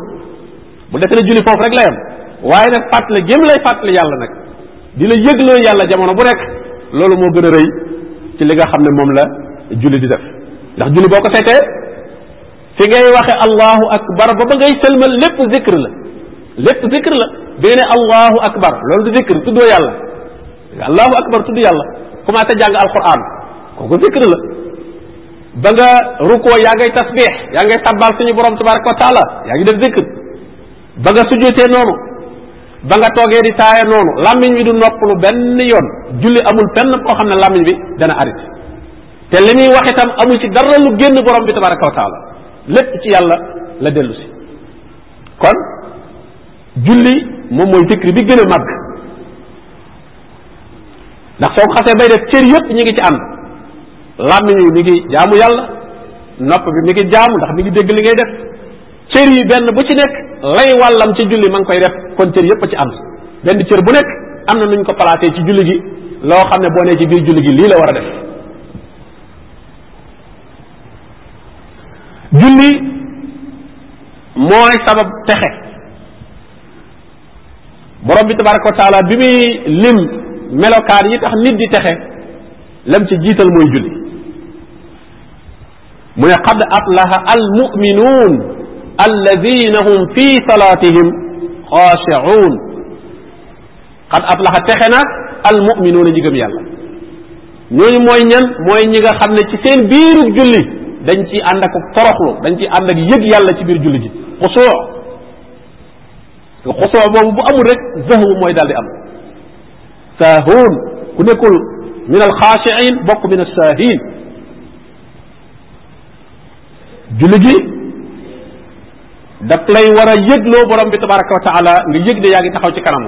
bu defee ne julli foofu rek la yam waaye nag la gém lay fàttali yàlla nag di la yëgloo yàlla jamono bu nekk loolu moo gën a rëy ci li nga xam ne moom la julli di def fi ngay waxe allahu akbar ba ba ngay sëlmal lépp zikr la lépp zikr la bee ne allahu akbar loolu du zikr tuddoo yàlla allahu akbar tudd yàlla commencé jàng alquran kooku zikr la ba nga rukoo yaa ngay tasbix yaa ngay sàbbaal suñu borom tabaraka wa taala yaa ngi def zikr ba nga sujjotee noonu ba nga toogee di taaya noonu làmmiñ bi du noppalu benn yoon julli amul benn koo xam ne làmmiñ bi dana arrêté te li muy wax itam amul ci dara lu génn borom bi tabaraka wa taala lépp ci yàlla la dellu kon julli moom mooy zikri bi gën a màgg ndax soo ko xasee bay def cër yëpp ñu ngi ci ànd làmmiñ yi mu ngi jaamu yàlla nopp bi mu ngi jaamu ndax mi ngi dégg li ngay def cër yi benn bu ci nekk lay wàllam ci julli ma ngi koy def kon cër yëpp ci ànd benn cër bu nekk am na nuñ ko palaatee ci julli gi loo xam ne boo nee ci biir julli gi lii la war a def julli mooy sabab texe borom bi tabaraka wa taala bi muy lim melokaan yi tax nit di texe lam ci jiital mooy julli mu ne qad aflaha al muminuun alladina hum fi salaatihim xaashicuun qad aflaha texe na al muminuun a ñi gëm yàlla ñooñu mooy ñan mooy ñi nga xam ne ci seen biirug julli dañ ci ànd ak toroxlu dañ ci ànd ak yëg yàlla ci biir julli ji xusoo xusoo boobu bu amu rek zahwu mooy daal di am saahuun ku nekkul min al xaashiin bokk min al saahiin julli gi daf lay war a yëgloo borom wa taala nga yëg ne yaa ngi taxaw ci kanam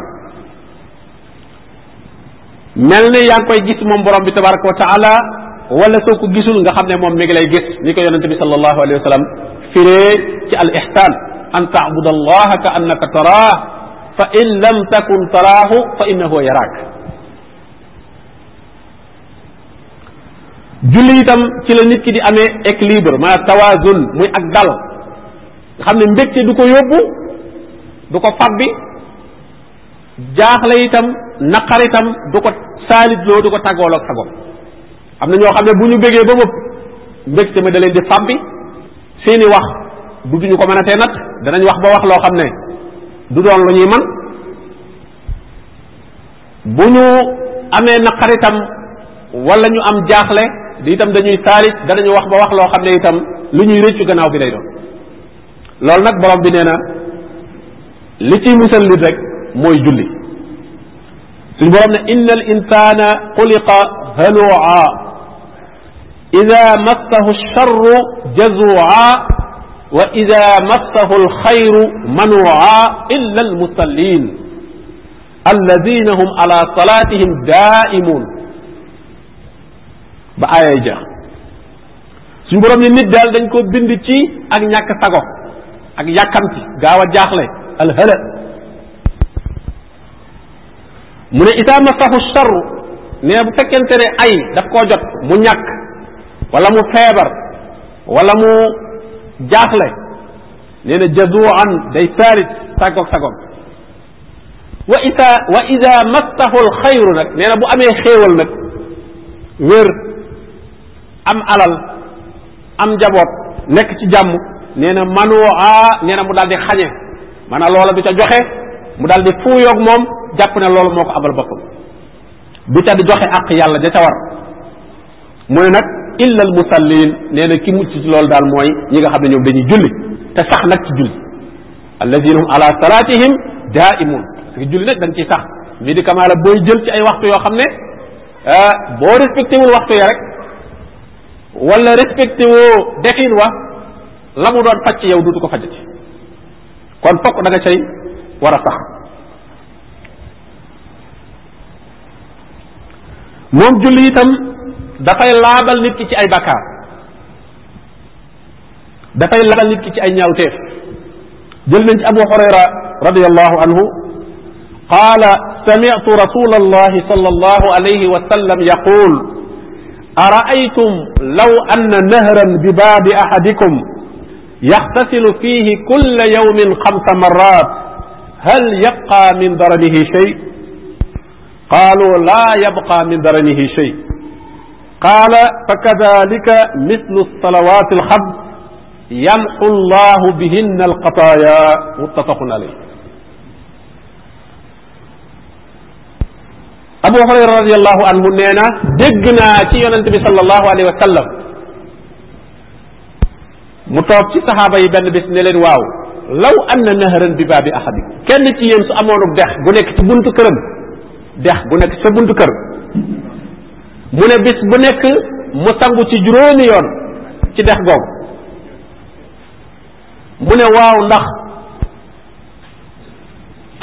mel ne yaa ngi koy gis moom borom bi tabaraka wa taala wala soo ko gisul nga xam ne moom mi lay gis ni ko yonente bi sallallahu alayhi wa sallam firee ci al an taabud allaha ka taraah fa lam takun taraahu fa innahu yaraak julli itam ci la nit di amee équilibre maanaam tawazun muy ak dal ne mbégte du ko yóbbu ko fabbi jaaxle itam naqar itam du ko saalidloo du ko tàggooloo ak am na ñoo xam ne bu ñu béggee ba mëpp mbégte mi da leen di fàbbi seeni wax dutuñu ko mën a tee nag danañ wax ba wax loo xam ne du doon lu ñuy man bu ñu amee naqar itam wala ñu am jaaxle di itam dañuy taalif danañu wax ba wax loo xam ne itam lu ñuy rëccu gannaaw bi lay doon loolu nag borom bi nee na li ciy musal nit rek mooy julli suñu borom ne inna al insana xuliqa ida massahu lcharru jazua wa ida massahu alxayru manua illa almusallin alladina hum ala salatihim daimun ba aayay jeex suñu borom ne nit daal dañ ko bind ci ak ñàkk sago ak yàkkamti gaaw a jaaxle alhala mu ne ida massahu charru ne bu fekkente ne ay daf koo jot mu ñàkk wala mu feebar wala mu jaaxle nee na jazuan day saarit sagoog sagoog wa isa wa ida massahu alxayru nag nee bu amee xéewal nag wér am alal am njaboot nekk ci jàmm nee na manuwaa nee mu daal di xañe maanaam loola du ca joxe mu daal di moom jàpp na loolu moo ko abal boppam du ca di joxe àq yàlla da ca war mu ne nag illa al musallin nee na ki mucc ci loolu daal mooy ñi nga xam ne ñoom dañuy julli te sax nag ci julli alladina hum ala salatihim daimun parce que julli nag da ciy sax médicament la booy jël ci ay waxtu yoo xam ne ah, boo respecté wul waxtu ya rek wala respecté woo dexiin wa la mu doon faj yow duutu ko fajati kon fokk da nga cay war a sax moom julli itam dafay laabal nit ki ci ay bakkaar dafay laabal nit ki ci ay ñaawteef jël nañ ci abu hurayra radiallahu anhu qaala sami'tu rasula allahi sal allahu alayhi wa sallam yaqul araaytum law anna nahran bi baabi ahadikum yaxtasilu fihi kulla yawmin xamsa marrat hal yabqa min daranihi shay qaalu laa yabqa min daranihi shay qaala fa kadalika mislu salawat alxams yamxu llahu bihinna alxataaya muttafaqun alayh abu hurayra radiallahu anhu nee na dégg naa ci yonente bi salallahu alayhi wa sallam mu toog ci saxaaba yi benn bis ne leen waaw law anna nahran bi baabi ahadikum kenn ci yéen su amoonuk dex gu nekk ci buntu këram dex gu nekk sa buntu kër mu ne bis bu nekk mu sangu ci juróomi yoon ci dex googu mu ne waaw ndax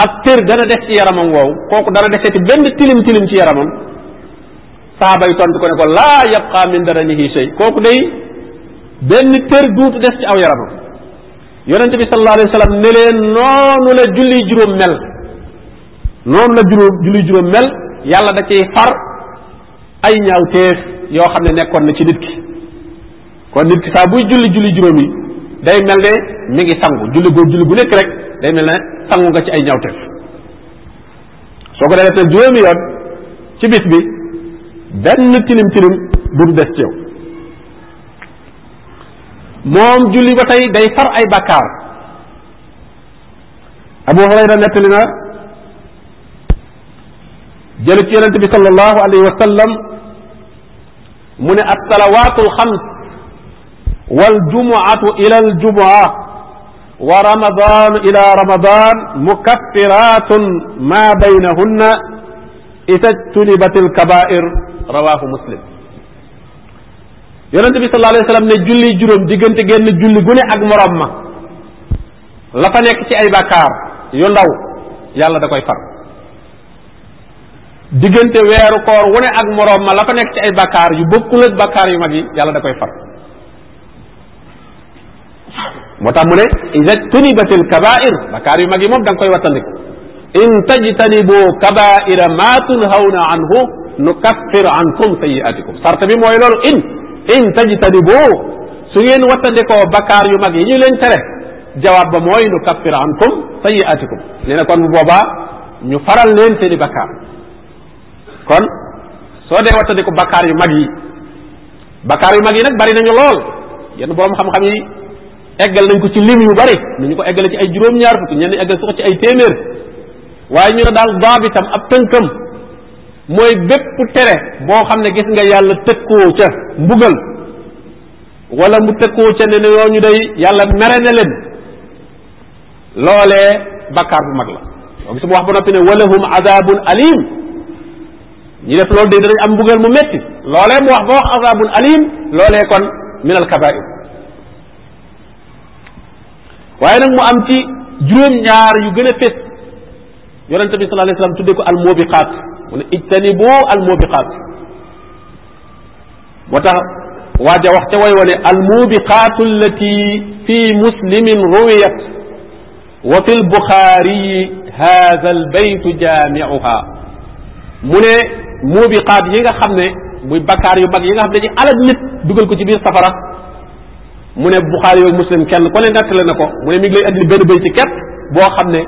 ak tër dana des ci yaramam woowu kooku dana desee ci benn tilim tilim ci yaramam saaba yi tontu ko ne ko laa yabqa min daranihi shay kooku day benn tër duutu des ci aw yaramam yonente bi sallallahu alayhi wa leen noonu la julli juróom mel noonu la juróom julli juróom mel yàlla da ciy far ay ñaawteef yoo xam ne nekkoon na ci nit ki kon nit ki saa buy julli julli juróomi day mel ne mi ngi sangu julli boobu julli bu nekk rek day mel ne sangu nga ci ay ñaawteef soo ko dee def nag bi benn tilim tilim ci yow moom julli ba tey day far ay bàkkaar abu hurayra nettali na jële ci yonente bi sallallahu alayhi wa mu ne as salawaatul xams wal jumuatu ila al jumua wa ramadan ila ramadan mukaffiratun ma baynahunna isajtunibat al kabair rawahu muslim yonente bi sallallahu alayhi wa sallam ne julli juróom diggante génn julli gu ne ak morom ma la fa nekk ci ay bàkkaar yu ndaw yàlla da koy far diggante weeru koor wu ak moroom ma la fa nekk ci ay bakkaar yu bokkul ak bakkaar yu mag yi yàlla da koy far moo tax mu ne iza jtunibatil kabair bakkaar yu mag yi moom da koy wattandiku in tajtanibu kabaira ma tunhawna anhu nukaffir ankum sayiatikum sart bi mooy loolu in ngeen wattandikoo bakaar yu mag yi ñu leen tere jawaab ba mooy nukaffir ankum sayiatikum nee na kon bu boobaa ñu faral leen seeni bakkaar kon soo dee wattandiku bakkaar yu mag yi bakkaar yu mag yi nag bari nañu lool yenn borom xam-xam yi eggal nañ ko ci lim yu bari nañu ko eggale ci ay juróom-ñaar fukk ñenn eggal su ko ci ay téeméer waaye ñu ne daal daabitam ab tënkam mooy bépp tere boo xam ne gis nga yàlla tëkkoo ca mbugal walla mu tëkkoo ca ne ne ñu day yàlla mere na leen loolee bakkaar bu mag la oo gis mu wax ba noppi ne walahum adabun alim ñi def loolu day danañ am mbugal mu metti loolee mu wax ba wax azabun alim loolee kon min al kabair waaye nag mu am ci juróom-ñaar yu gën a fés yonente bi sallallahu alayhi wasallam tudde ko al mubiqaat mu ne ijtanibu al mubiqaat moo tax waaja wax ca way wane al mubiqaatu allati fi muslimin ruwiyat wa fi l buxaariyi haada al baytu jaamiuha mu ne muubiqaat yi nga xam ne muy bakkaar yu mag yi nga xam ne dañuy alal nit dugal ko ci biir safara mu ne Buxaari yow muslim kenn ko ne nettali na ko mu ne mi ngi lay andil benn béy ci képp boo xam ne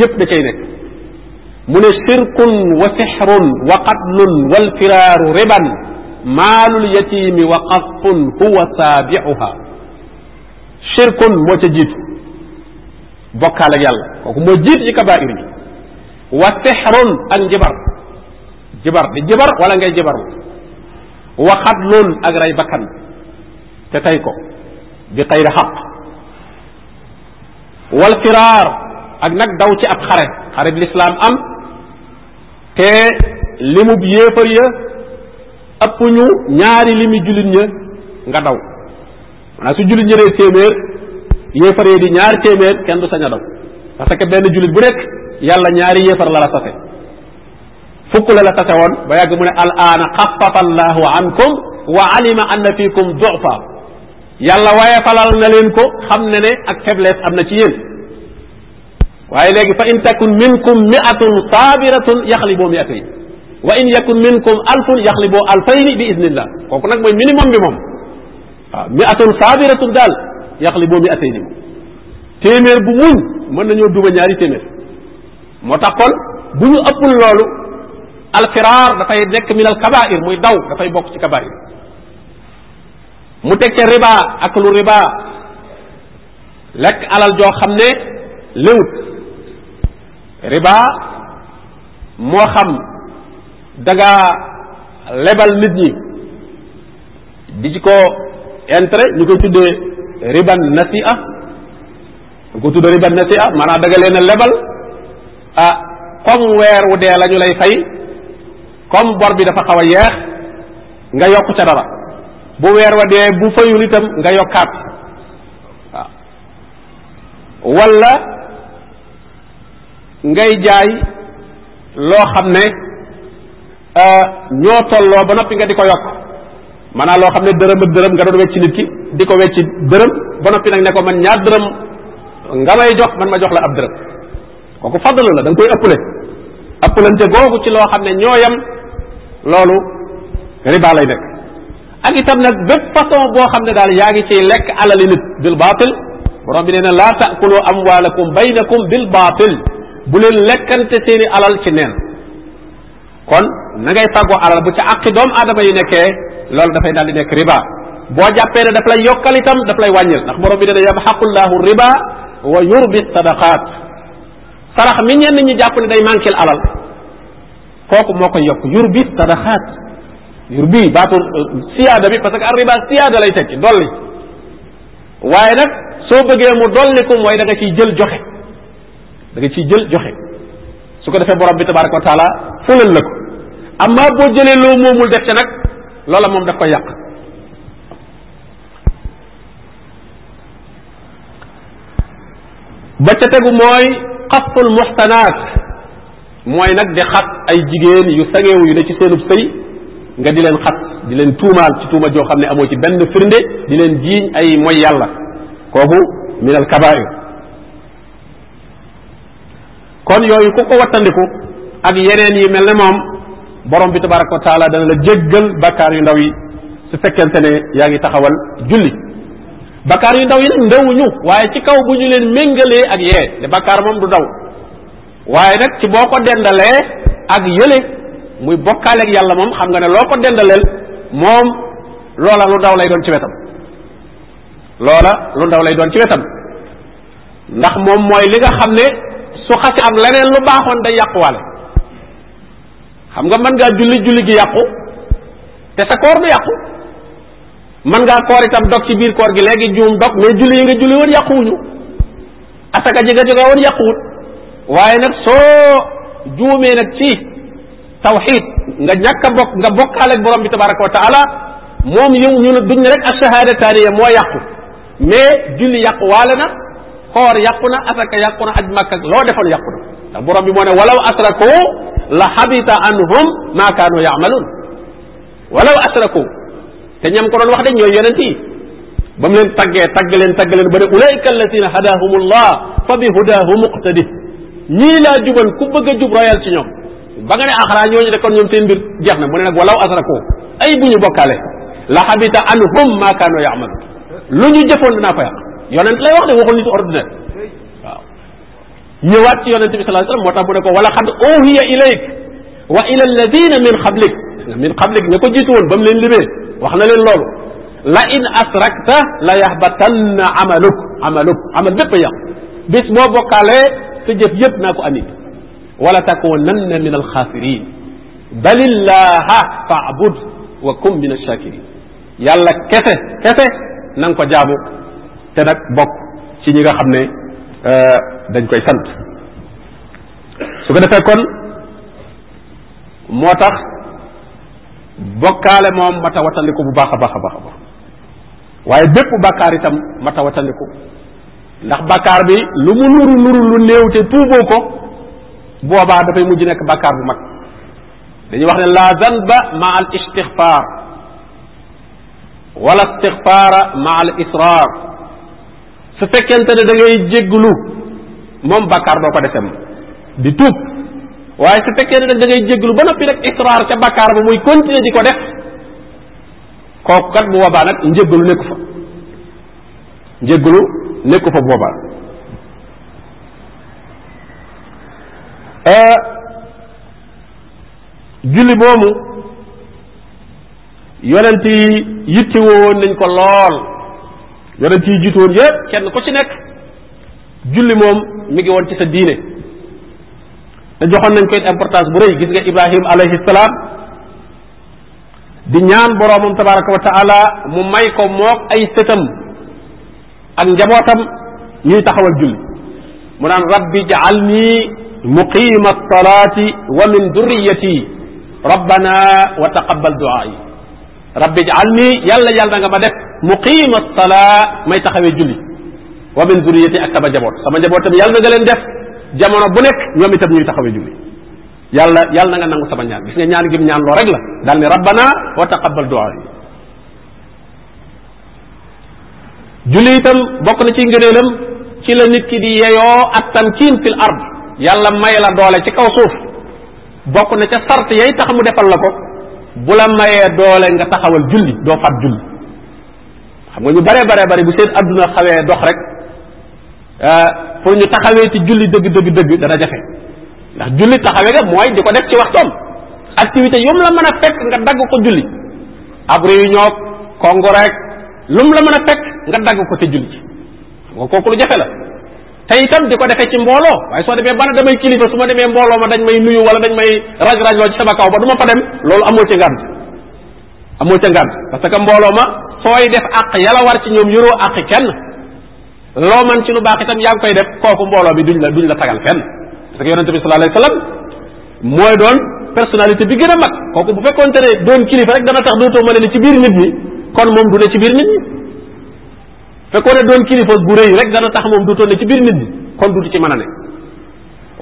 yépp da cay nekk mu ne shirkun wa sixrun wa qatlun walfiraaru riban maalul yatiimi wa qasfun huwa saabiuha shirkun moo ca jiitu bokkaal ak yàlla kooku moo jiitu ci kabair yi wa sixrun ak njibar jibar di jibar wala ngay jibaru waxat loon ak rey bakkan te tey ko bi xayri xaq wal firaar ak nag daw ci ab xare xare lislaam am te limub yéefar ya ëpp ñu ñaari limi jullit ña nga daw maanaam su jullit ña dee téeméer yéefar ya di ñaari téeméer kenn du sañ a daw parce que benn jullit bu nekk yàlla ñaari yéefar la la fukk la la tase woon ba yàgg mu ne al aana xafafa allahu ankum wa alima anna fiikum dufa yàlla waaye falal na leen ko xam ne ne ak faiblesse am na ci yéen waaye léegi fa in takun minkum miatun saabiratun yaxliboo miatayn wa in yakun minkum alfun yaxliboo alfayni bi idnillah kooku nag mooy minimum bi moom waaw miatun saabiratun daal yaxliboo miatayni moom téeméer bu muñ mën nañoo duba ñaari téeméer moo tax kon bu ñu ëppul loolu alfiraar dafay nekk min al muy daw dafay bokk ci kabair mu tekkee riba ak lu riba lekk alal joo xam ne léwut riba moo xam daga lebal nit ñi di ci ko intérêt ñu koy tuddee riban nasi'a ñu ko tuddee riban nasi'a maanaam danga leen a lebal ah comme weer wu dee lañu lay fay comme bor bi dafa xaw a yeex nga yokk ca dara bu weer wa dee bu fayul itam nga yokkaat waaw wala ngay jaay loo xam ne euh, ñoo tolloo ba noppi nga di ko yokk maanaam loo xam ne dërëm ak dërëm nga doon wecci nit ki di ko wecci dërëm ba noppi nag ne ko man ñaar dërëm nga may jox man ma jox la ab dërëm kooku fadlu la da koy ëppale ëppalante googu ci loo xam ne ñoo yam loolu riba lay nekk nag bépp façon boo xam ne daal yaa ngi ciy lekk alali nit bil baatil borom bi nee na laa taakulu amwaalakum baynakum bil baatil bu leen lekkante seeni alal ci neen kon na ngay fàggoo alal bu ca àqi doomu aadama yi nekke loolu dafay daal di nekk riba boo jàppee ne daf lay yokkal itam daf lay wàññil ndax borom bi nee na yamxaqullahu riba wa yurbi sadaqaat sarax mi ñenn ñi jàpp ne day manquil alal kooku moo koy yokk yur bi sadaxaat yur bi baatu euh, siyaada bi parce que arriba siyaada lay tekki dolli waaye nag soo bëggee mu dolli ko mooy da nga ciy jël joxe danga nga ciy jël joxe su ko defee borom bi tabaraka wa taala fulal la ko amma boo jëlee loo moomul def ca nag loola moom daf koy yàq ba ca tegu mooy xaful muxtanaat mooy nag di xat ay jigéen yu sangeewu yu ne ci seenub sëy nga di leen xat di leen tuumaal ci tuuma joo xam ne amoo ci benn firnde di leen jiiñ ay moy yàlla kooku min al kabair kon yooyu ku ko wattandiku ak yeneen yi mel ne moom borom bi tabaraka wa taala dana la jéggal bakkaar yu ndaw yi su fekkente ne yaa ngi taxawal julli bakkaar yu ndaw yi nag ndawuñu waaye ci kaw bu ñu leen méngalee ak yee ne bakkaar moom du daw waaye nag ci boo ko dendalee ak yële muy bokkaale yàlla moom xam nga ne loo ko dendaleel moom loola lu ndaw lay doon ci wetam loola lu ndaw lay doon ci wetam ndax moom mooy li nga xam ne su xase am leneen lu baaxoon day yàquwaale xam nga mën ngaa julli julli gi yàqu te sa koor du yàqu mën ngaa koor itam dog ci biir koor gi léegi juum dog mais julli yi nga julli woon yàquwuñu asaka ji nga jóge woon yàquwut waaye nag soo juumee nag ci tawxid nga ñàkk a bokk nga bokkaale ak borom bi tabaraka wa taala moom yow ñu ne duñ ne rek taaniya moo yàqu mais julli yàqu waale na xoor yàqu na asaka yàqu na aj màkk loo defoon yàqu na ndax borom bi moo ne walaw asraku la xabita anhum maa kaanu yaamaluun walaw asraku te ñam ko doon wax de ñooy yonent yi ba mu leen taggee tagg leen tagg leen ba ne ulayka alladina hadahum allah fa bi hudahu muqtadi ñii laa jubal ku bëgg a jub royal ci ñoom ba nga a axaraa ñooñu de kon ñoom seen mbir jeex na mu ne nag walaw asrakoo ay bu ñu bokkaale la xabita anhum maa kaanoo yaamalu lu ñu jëfoon dinaa ko yàq yonent lay wax de waxul nit ordinaire waaw ñëwaat ci yonent bi sallallahu alayhi wasallam moo tax mu ne ko wala xad uhiya ilayk wa ila alladina min xablik min xablik ña ko jiitu woon ba leen libee wax na leen loolu la in asrakta la yaxbatanna amaluk amaluk amal bépp yàq bis boo bokkaalee sa jëf yëpp naa ko amit wala takunanna min alxaasirin balillaha faabud wa kum min alshakirin yàlla kese kese na ko jaamu te nag bokk ci ñi nga xam ne euh, dañ koy sant su ko defee kon moo tax bokkaale moom mata watandiku bu baax a baax a baax a baax waaye bépp bàkkaar itam mata watandiku ndax bàkkaar bi lu mu nuru nuru lu néew te tuuboo ko boobaa dafay mujj nekk bàkkaar bu mag dañuy wax ne la zanba ma al istixfaar wala istixfaara ma al israar su fekkente ne dangay ngay jégglu moom bàkkaar doo ko defem di tuub waaye su fekkee ne nag da ngay jégglu ba noppi nag israar ca bàkkaar ba muy continuer di ko def kooku kat bu boobaa nag njégglu nekku fa njégglu nekku fa booba euh, julli moomu yonent yi yitte woon nañ ko lool yonent yi jiitu woon yépp kenn ku ci nekk julli moom mi ngi woon ci sa diine te joxoon nañ koy importance bu rëy gis nga Ibrahim alayhi di ñaan boroomam tabaraka wa mu may ko mook ay sëtam ak njabootam ñuy taxawal julli mu naan rabbi jaalni muqima alsalaati wa min durriyati rabbana wa taqabbal duaai rabbi jaalni yàlla yàlla nga ma def muqima alsalaa may taxawee julli wa min durriyati ak sama njaboot sama njabootam yàlla nga leen def jamono bu nekk ñoom itam ñuy taxawee julli yàlla yàlla na nga nangu sama ñaan gis nga ñaan gi ñaan loo rek la daal ne rabbana wa taqabbal duaai julli itam bokk na ci ngëneelam ci la nit ki di yeyoo ak tamkiin fil ard yàlla may la doole ci kaw suuf bokk na ca sart yay tax mu defal la ko bu la mayee doole nga taxawal julli doo fat julli xam nga ñu bare bare bare bu seen àdduna xawee dox rek euh, pour ñu taxawee ci julli dëgg dëgg dëgg dana jafe ndax julli taxawee nga mooy di ko def ci waxtoom activité yum la mën a fekk nga dagg ko julli ab réunion congrès lum la mën a fekk nga dagg ko te julli ci nga kooku lu jafe la te itam di ko defee ci mbooloo waaye soo demee bana damay kilifa su ma demee mbooloo ma dañ may nuyu wala dañ may raj-raj loo ci sama kaw ba du ma fa dem loolu amoo ca ngànt amoo ca ngànt parce que mbooloo ma sooy def àq yala war ci ñoom yoroo àq kenn loo man ci lu baax itam yaa ngi koy def kooku mbooloo bi duñ la duñ la tagal fenn parce que yonente bi sallallahu mooy doon personnalité bi gën a mag bu fekkoonte ne doon kilifa rek dana tax dootoo ma ne ci biir nit ñi fekkoon ne doon kilifa gu rëy rek dana tax moom dutoon ne ci biir nit ñi kon dutu ci mën a ne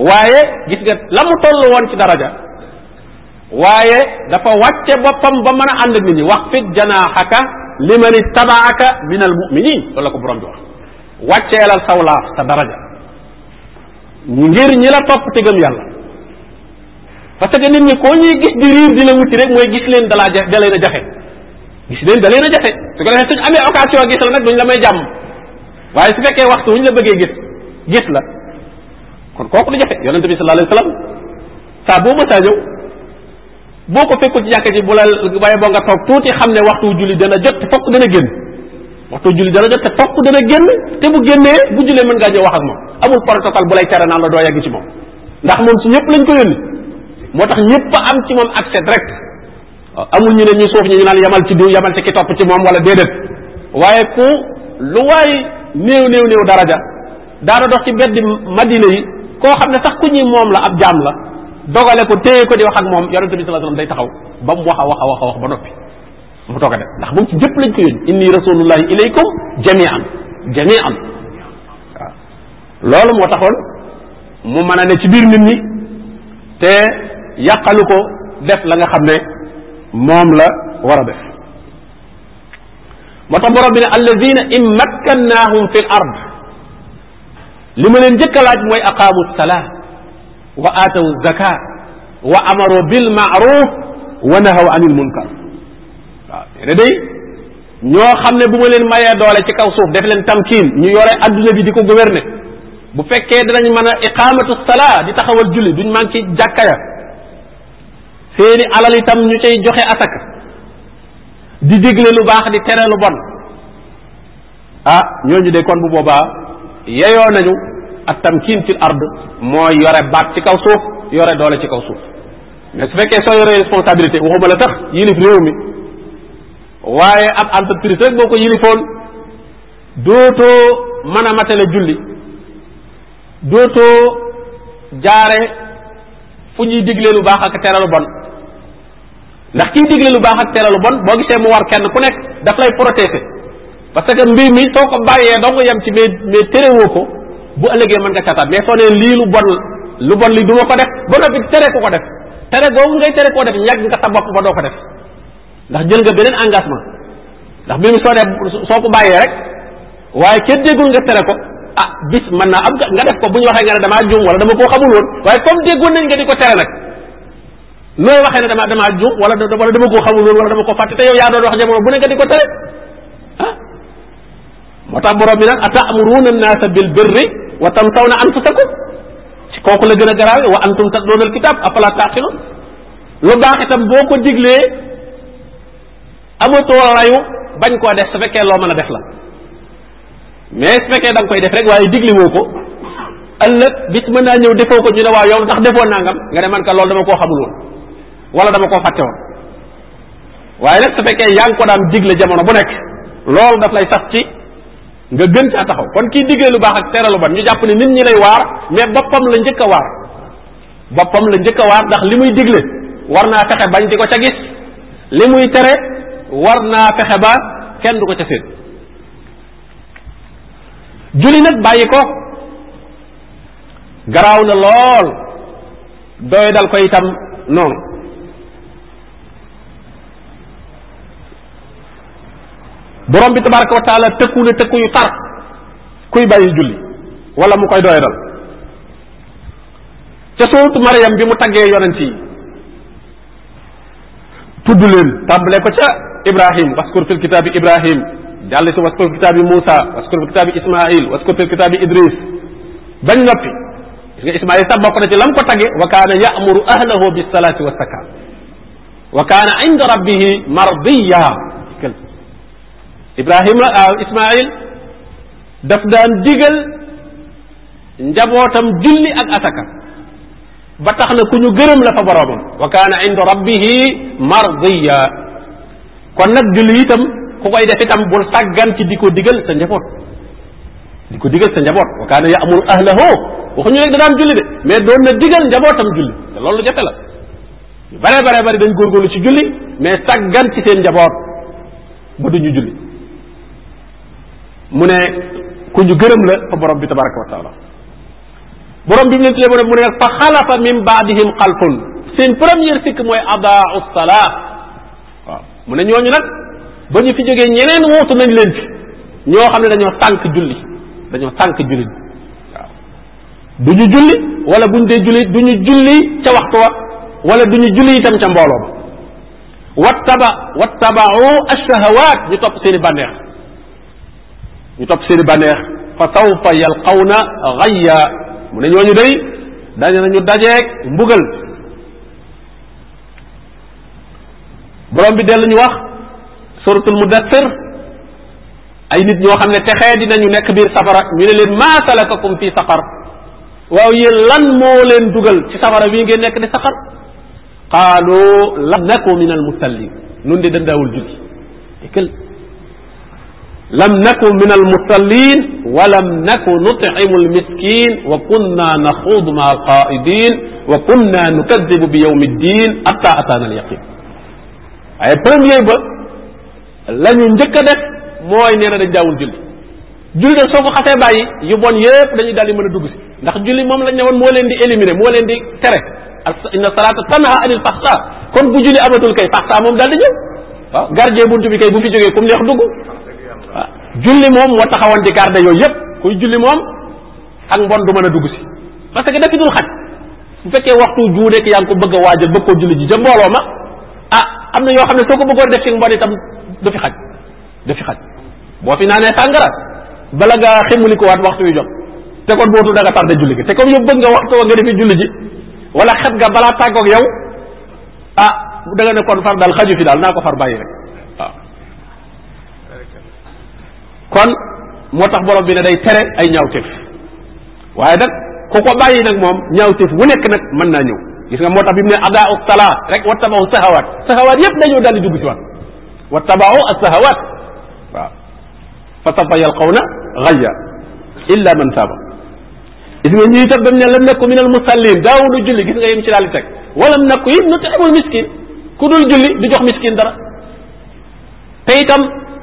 waaye gis nga la mu toll woon ci daraja waaye dafa wàcce boppam ba mën a ànd nit ñi wax fit janaaxaka limani tabaaka min al muminin loolu la ko borom bi wax wàcceelal saw laaf sa daraja ngir ñi la topp te yàlla parce que nit ñi koo ñuy gis di riir di wuti rek mooy gis leen dalaa ja da leen a gis leen da leen a jafe su ko defee suñ amee occasion gis la nag duñ la may jàmm waaye su fekkee waxtu wuñ la bëggee gis gis la kon kooku du jafe yonent bi sallallahu alayhi wa sallam saa boo mësaa ñëw boo ko fekkul ci jàkka ji bu la waaye boo nga toog tuuti xam ne waxtu julli dana jot te fokk dana génn waxtu julli dana jot te fokk dana génn te bu génnee bu jullee mën ngaa ñëw wax ak moom amul protocole bu lay tere naan la doo yegg ci moom ndax moom ci ñëpp lañ ko yónni moo tax ñëpp am ci moom accès direct amul ñu ne ñu suuf ñi ñu naan yamal ci diw yamal ci ki topp ci moom wala déedéet waaye ku lu waay néew néew néew daraja daana dox ci beddi madina yi koo xam ne sax ku ñuy moom la ab jaam la dogale ko téye ko di wax ak moom yonente bi sallallahu alayhi day taxaw ba mu wax a wax a wax ba noppi mu toog a def ndax moom ci jëpp lañ ko yónni inni rasulullahi ilaykum jami'an jami'an waaw loolu moo taxoon mu mën a ne ci biir nit ñi te yàqalu ko def la nga xam ne moom la war a def moo tax borom bi ne alladina in makkannahum fi l li ma leen njëkk laaj mooy aqaamu salaa wa aatawu zaka wa amaru bil maaruf wa nahaw anil munkar waaw nee day ñoo xam ne bu ma leen mayee doole ci kaw suuf def leen tamkiin ñu yore adduna bi di ko gouverner bu fekkee danañ mën a iqaamatu salaa di taxawal julli duñ man jàkka ya seeni alal yi tam ñu cay joxe asaka di digle lu baax di tere lu bon ah ñooñu de kon bu boobaa yeyoo nañu at tamkiin ci ard mooy yore baat ci kaw suuf yore doole ci kaw suuf mais su fekkee soo yore responsabilité waxuma la tax yilif réew mi waaye ab entreprise rek boo ko yilifoon dootoo mën a matale julli dootoo jaare fu ñuy digle lu baax ak tere lu bon ndax kiy digle lu baax ak tere lu bon boo gisee mu war kenn ku nekk daf lay protéger parce que mbir mi soo ko bàyyee dong yem ci mais mais terewoo ko bu ëllëgee mën nga cataat mais soo nee lii lu bon lu bon li du ma ko def ba noppi tere ku ko def tere googu ngay tere koo def ñàgg nga sa bopp ba doo ko def ndax jël nga beneen engagement ndax mbir mi soo def soo ko bàyyee rek waaye kenn déggul nga tere ko ah bis mën naa am nga def ko bu ñu waxee nga ne damaa juum wala dama koo xamul woon ko tere nag nooy waxee ne dama damaa juum wala wala dama koo xamul loolu wala dama ko fàtte te yow yaa doon wax jamono bu ne nga di ko tere ah moo tax borom bi nag ata'muruna an-naasa bil birri wa tansawna anfusakum ci kooku la gën a garaawe wa antum tatluuna al-kitaab afala taqilun lu baax itam boo ko diglee amatoo rayu bañ koo def su fekkee loo mën a def la mais su fekkee da nga koy def rek waaye digle woo ko ëllëg bis mën naa ñëw defoo ko ñu ne waaw yow tax defoo nangam nga ne man loolu dama koo xamul woon wala dama ko fàtte woon waaye nag su fekkee yaa ngi ko daan digle jamono bu nekk loolu daf lay sax ci nga gën caa taxaw kon kii diggee lu baax ak tere lu ban ñu jàpp ne nit ñi lay waar mais boppam la njëkk a waar boppam la njëkk a waar ndax li muy digle war naa fexe bañ di ko ca gis tere war naa fexe ba kenn du ko ca séen julli nag bàyyi ko garaaw na lool doy dal ko itam noonu borom bi tabaraka wa taala tëkku na tëkku yu tar kuy bàyyi julli wala mu koy doyadal ca sootu Mariam bi mu taggee yonent yi tudd leen tàmbalee ko ca Ibrahim waskur fil kitaabi Ibrahim jàll si waskur fil kitaabi Moussa waskur fil kitaabi Ismaïl waskur fil kitaabi Idris bañ noppi gis nga Ismaïl sax bokk na ci lam ko tagge wa kaana ya'muru ahlahu bis salaati wa zakaat wa kaana inda rabbihi mardiya Ibrahima ah Ismail daf daan digal njabootam julli ak asaka ba tax na ku ñu gërëm la fa boroomam wa kaana inda rabbihi mardiya kon nag julli itam ku koy def itam bul sàggan ci di ko digal sa njaboot di ko digal sa njaboot wa kaana ya'muru ahlahu waxuñu rek da daan julli de mais doon na digal njabootam julli loolu jafe bare bare bari dañ góorgóorlu ci julli mais sàggan ci seen njaboot ba duñu julli mu ne ku ñu gërëm la fa borom bi tabaraka wa taala borom bi mu leen tuddee borom mu ne nag fa xalafa min baadihim xalfun seen première sikk mooy adaau salaa waaw mu ne ñooñu nag ba ñu fi jógee ñeneen wootu nañ leen fi ñoo xam ne dañoo tànk julli dañoo tànk julli du ñu julli wala bu ñu dee julli du ñu julli ca waxtu wa wala du ñu julli itam ca mbooloo ba wattaba wattabau ashahawat ñu topp seen bànneex ñu topp seeni bànneex fa sawfa yalqawna gayya mu ne ñooñu day dañu nañu dajeeg mbugal borom bi dellu ñu wax suratul mudathir ay nit ñoo xam ne texee dinañu nekk biir safara ñu ne leen maa salakakum fi saqar waaw yéen lan moo leen dugal ci safara wii ngeen nekk di saqar qaalu lam naku min al musallin nun de dandaawul julli lam naku min al musallin wa lam naku nut'imu al miskin wa kunna naxuudu ma al qaa'idin wa kunna nukadibu bi yawmi ddin hatta ataana al yaqin waaye premier ba la ñu njëkk a def mooy nee na dañ daawul julli julli nag soo ko xasee bàyyi yu bon yépp dañuy daal di mën a dugg si ndax julli moom lañ ne woon moo leen di éliminer moo leen di tere inna salaata tanha anil faxsa kon bu julli amatul kay faxsa moom daal di ñëw waaw gardien buntu bi kay bu fi jógee comme neex dugg Ah, julli moom moo taxawoon di garde yooyu yëpp kuy julli moom ak mbon du mën a dugg si parce que dafi dul xaj bu fekkee waxtu juu nekk yaa ngi ko bëgg a waajal bëgg koo julli ji jëm mbooloo ma ah am na yoo xam ne soo ko bëggoon def ci mbon itam du fi xaj du fi xaj boo fi naanee sàngara bala nga ximulikuwaat waxtu yu jot te kon bootu da nga tardé julli gi te comme yow bëgg nga waxtu wa ji wala xet nga balaa tàggoog yow ah da ne kon far daal xaju fi daal naa ko far bàyyi rek kon moo tax borom bi ne day tere ay ñaawteef waaye nag ku ko bàyyi nag moom ñaawteef wu nekk nag mën naa ñëw gis nga moo tax bi mu ne adaa u salaa rek wa tabaxu sahawaat sahawaat yëpp dañoo daal di dugg ci waat wa tabaxu as sahawaat waaw fa sawfa yalqawna xayya illa man taaba gis nga ñii tam ba mu ne lam nekku min al musallin julli gis nga yim ci daal di teg walam nekku it nu te amul ku dul julli du jox miskin dara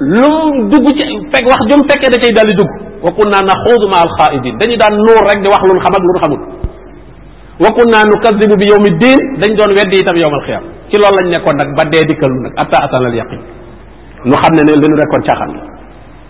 lu mu dugg ci fekk wax jom fekkee da cay daal di dugg wa kunna naxuudu ma alxaaidin dañu daan nuur rek di wax lu nu xam ak lu nu xamul wa kunna nukadibu bi yawmi diin dañ doon weddi itam yowmal xiyam ci loolu lañ nekkoon nag ba dee dikkal nag atta atanal yaqin nu xam ne ne li nu nekkoon caaxaan la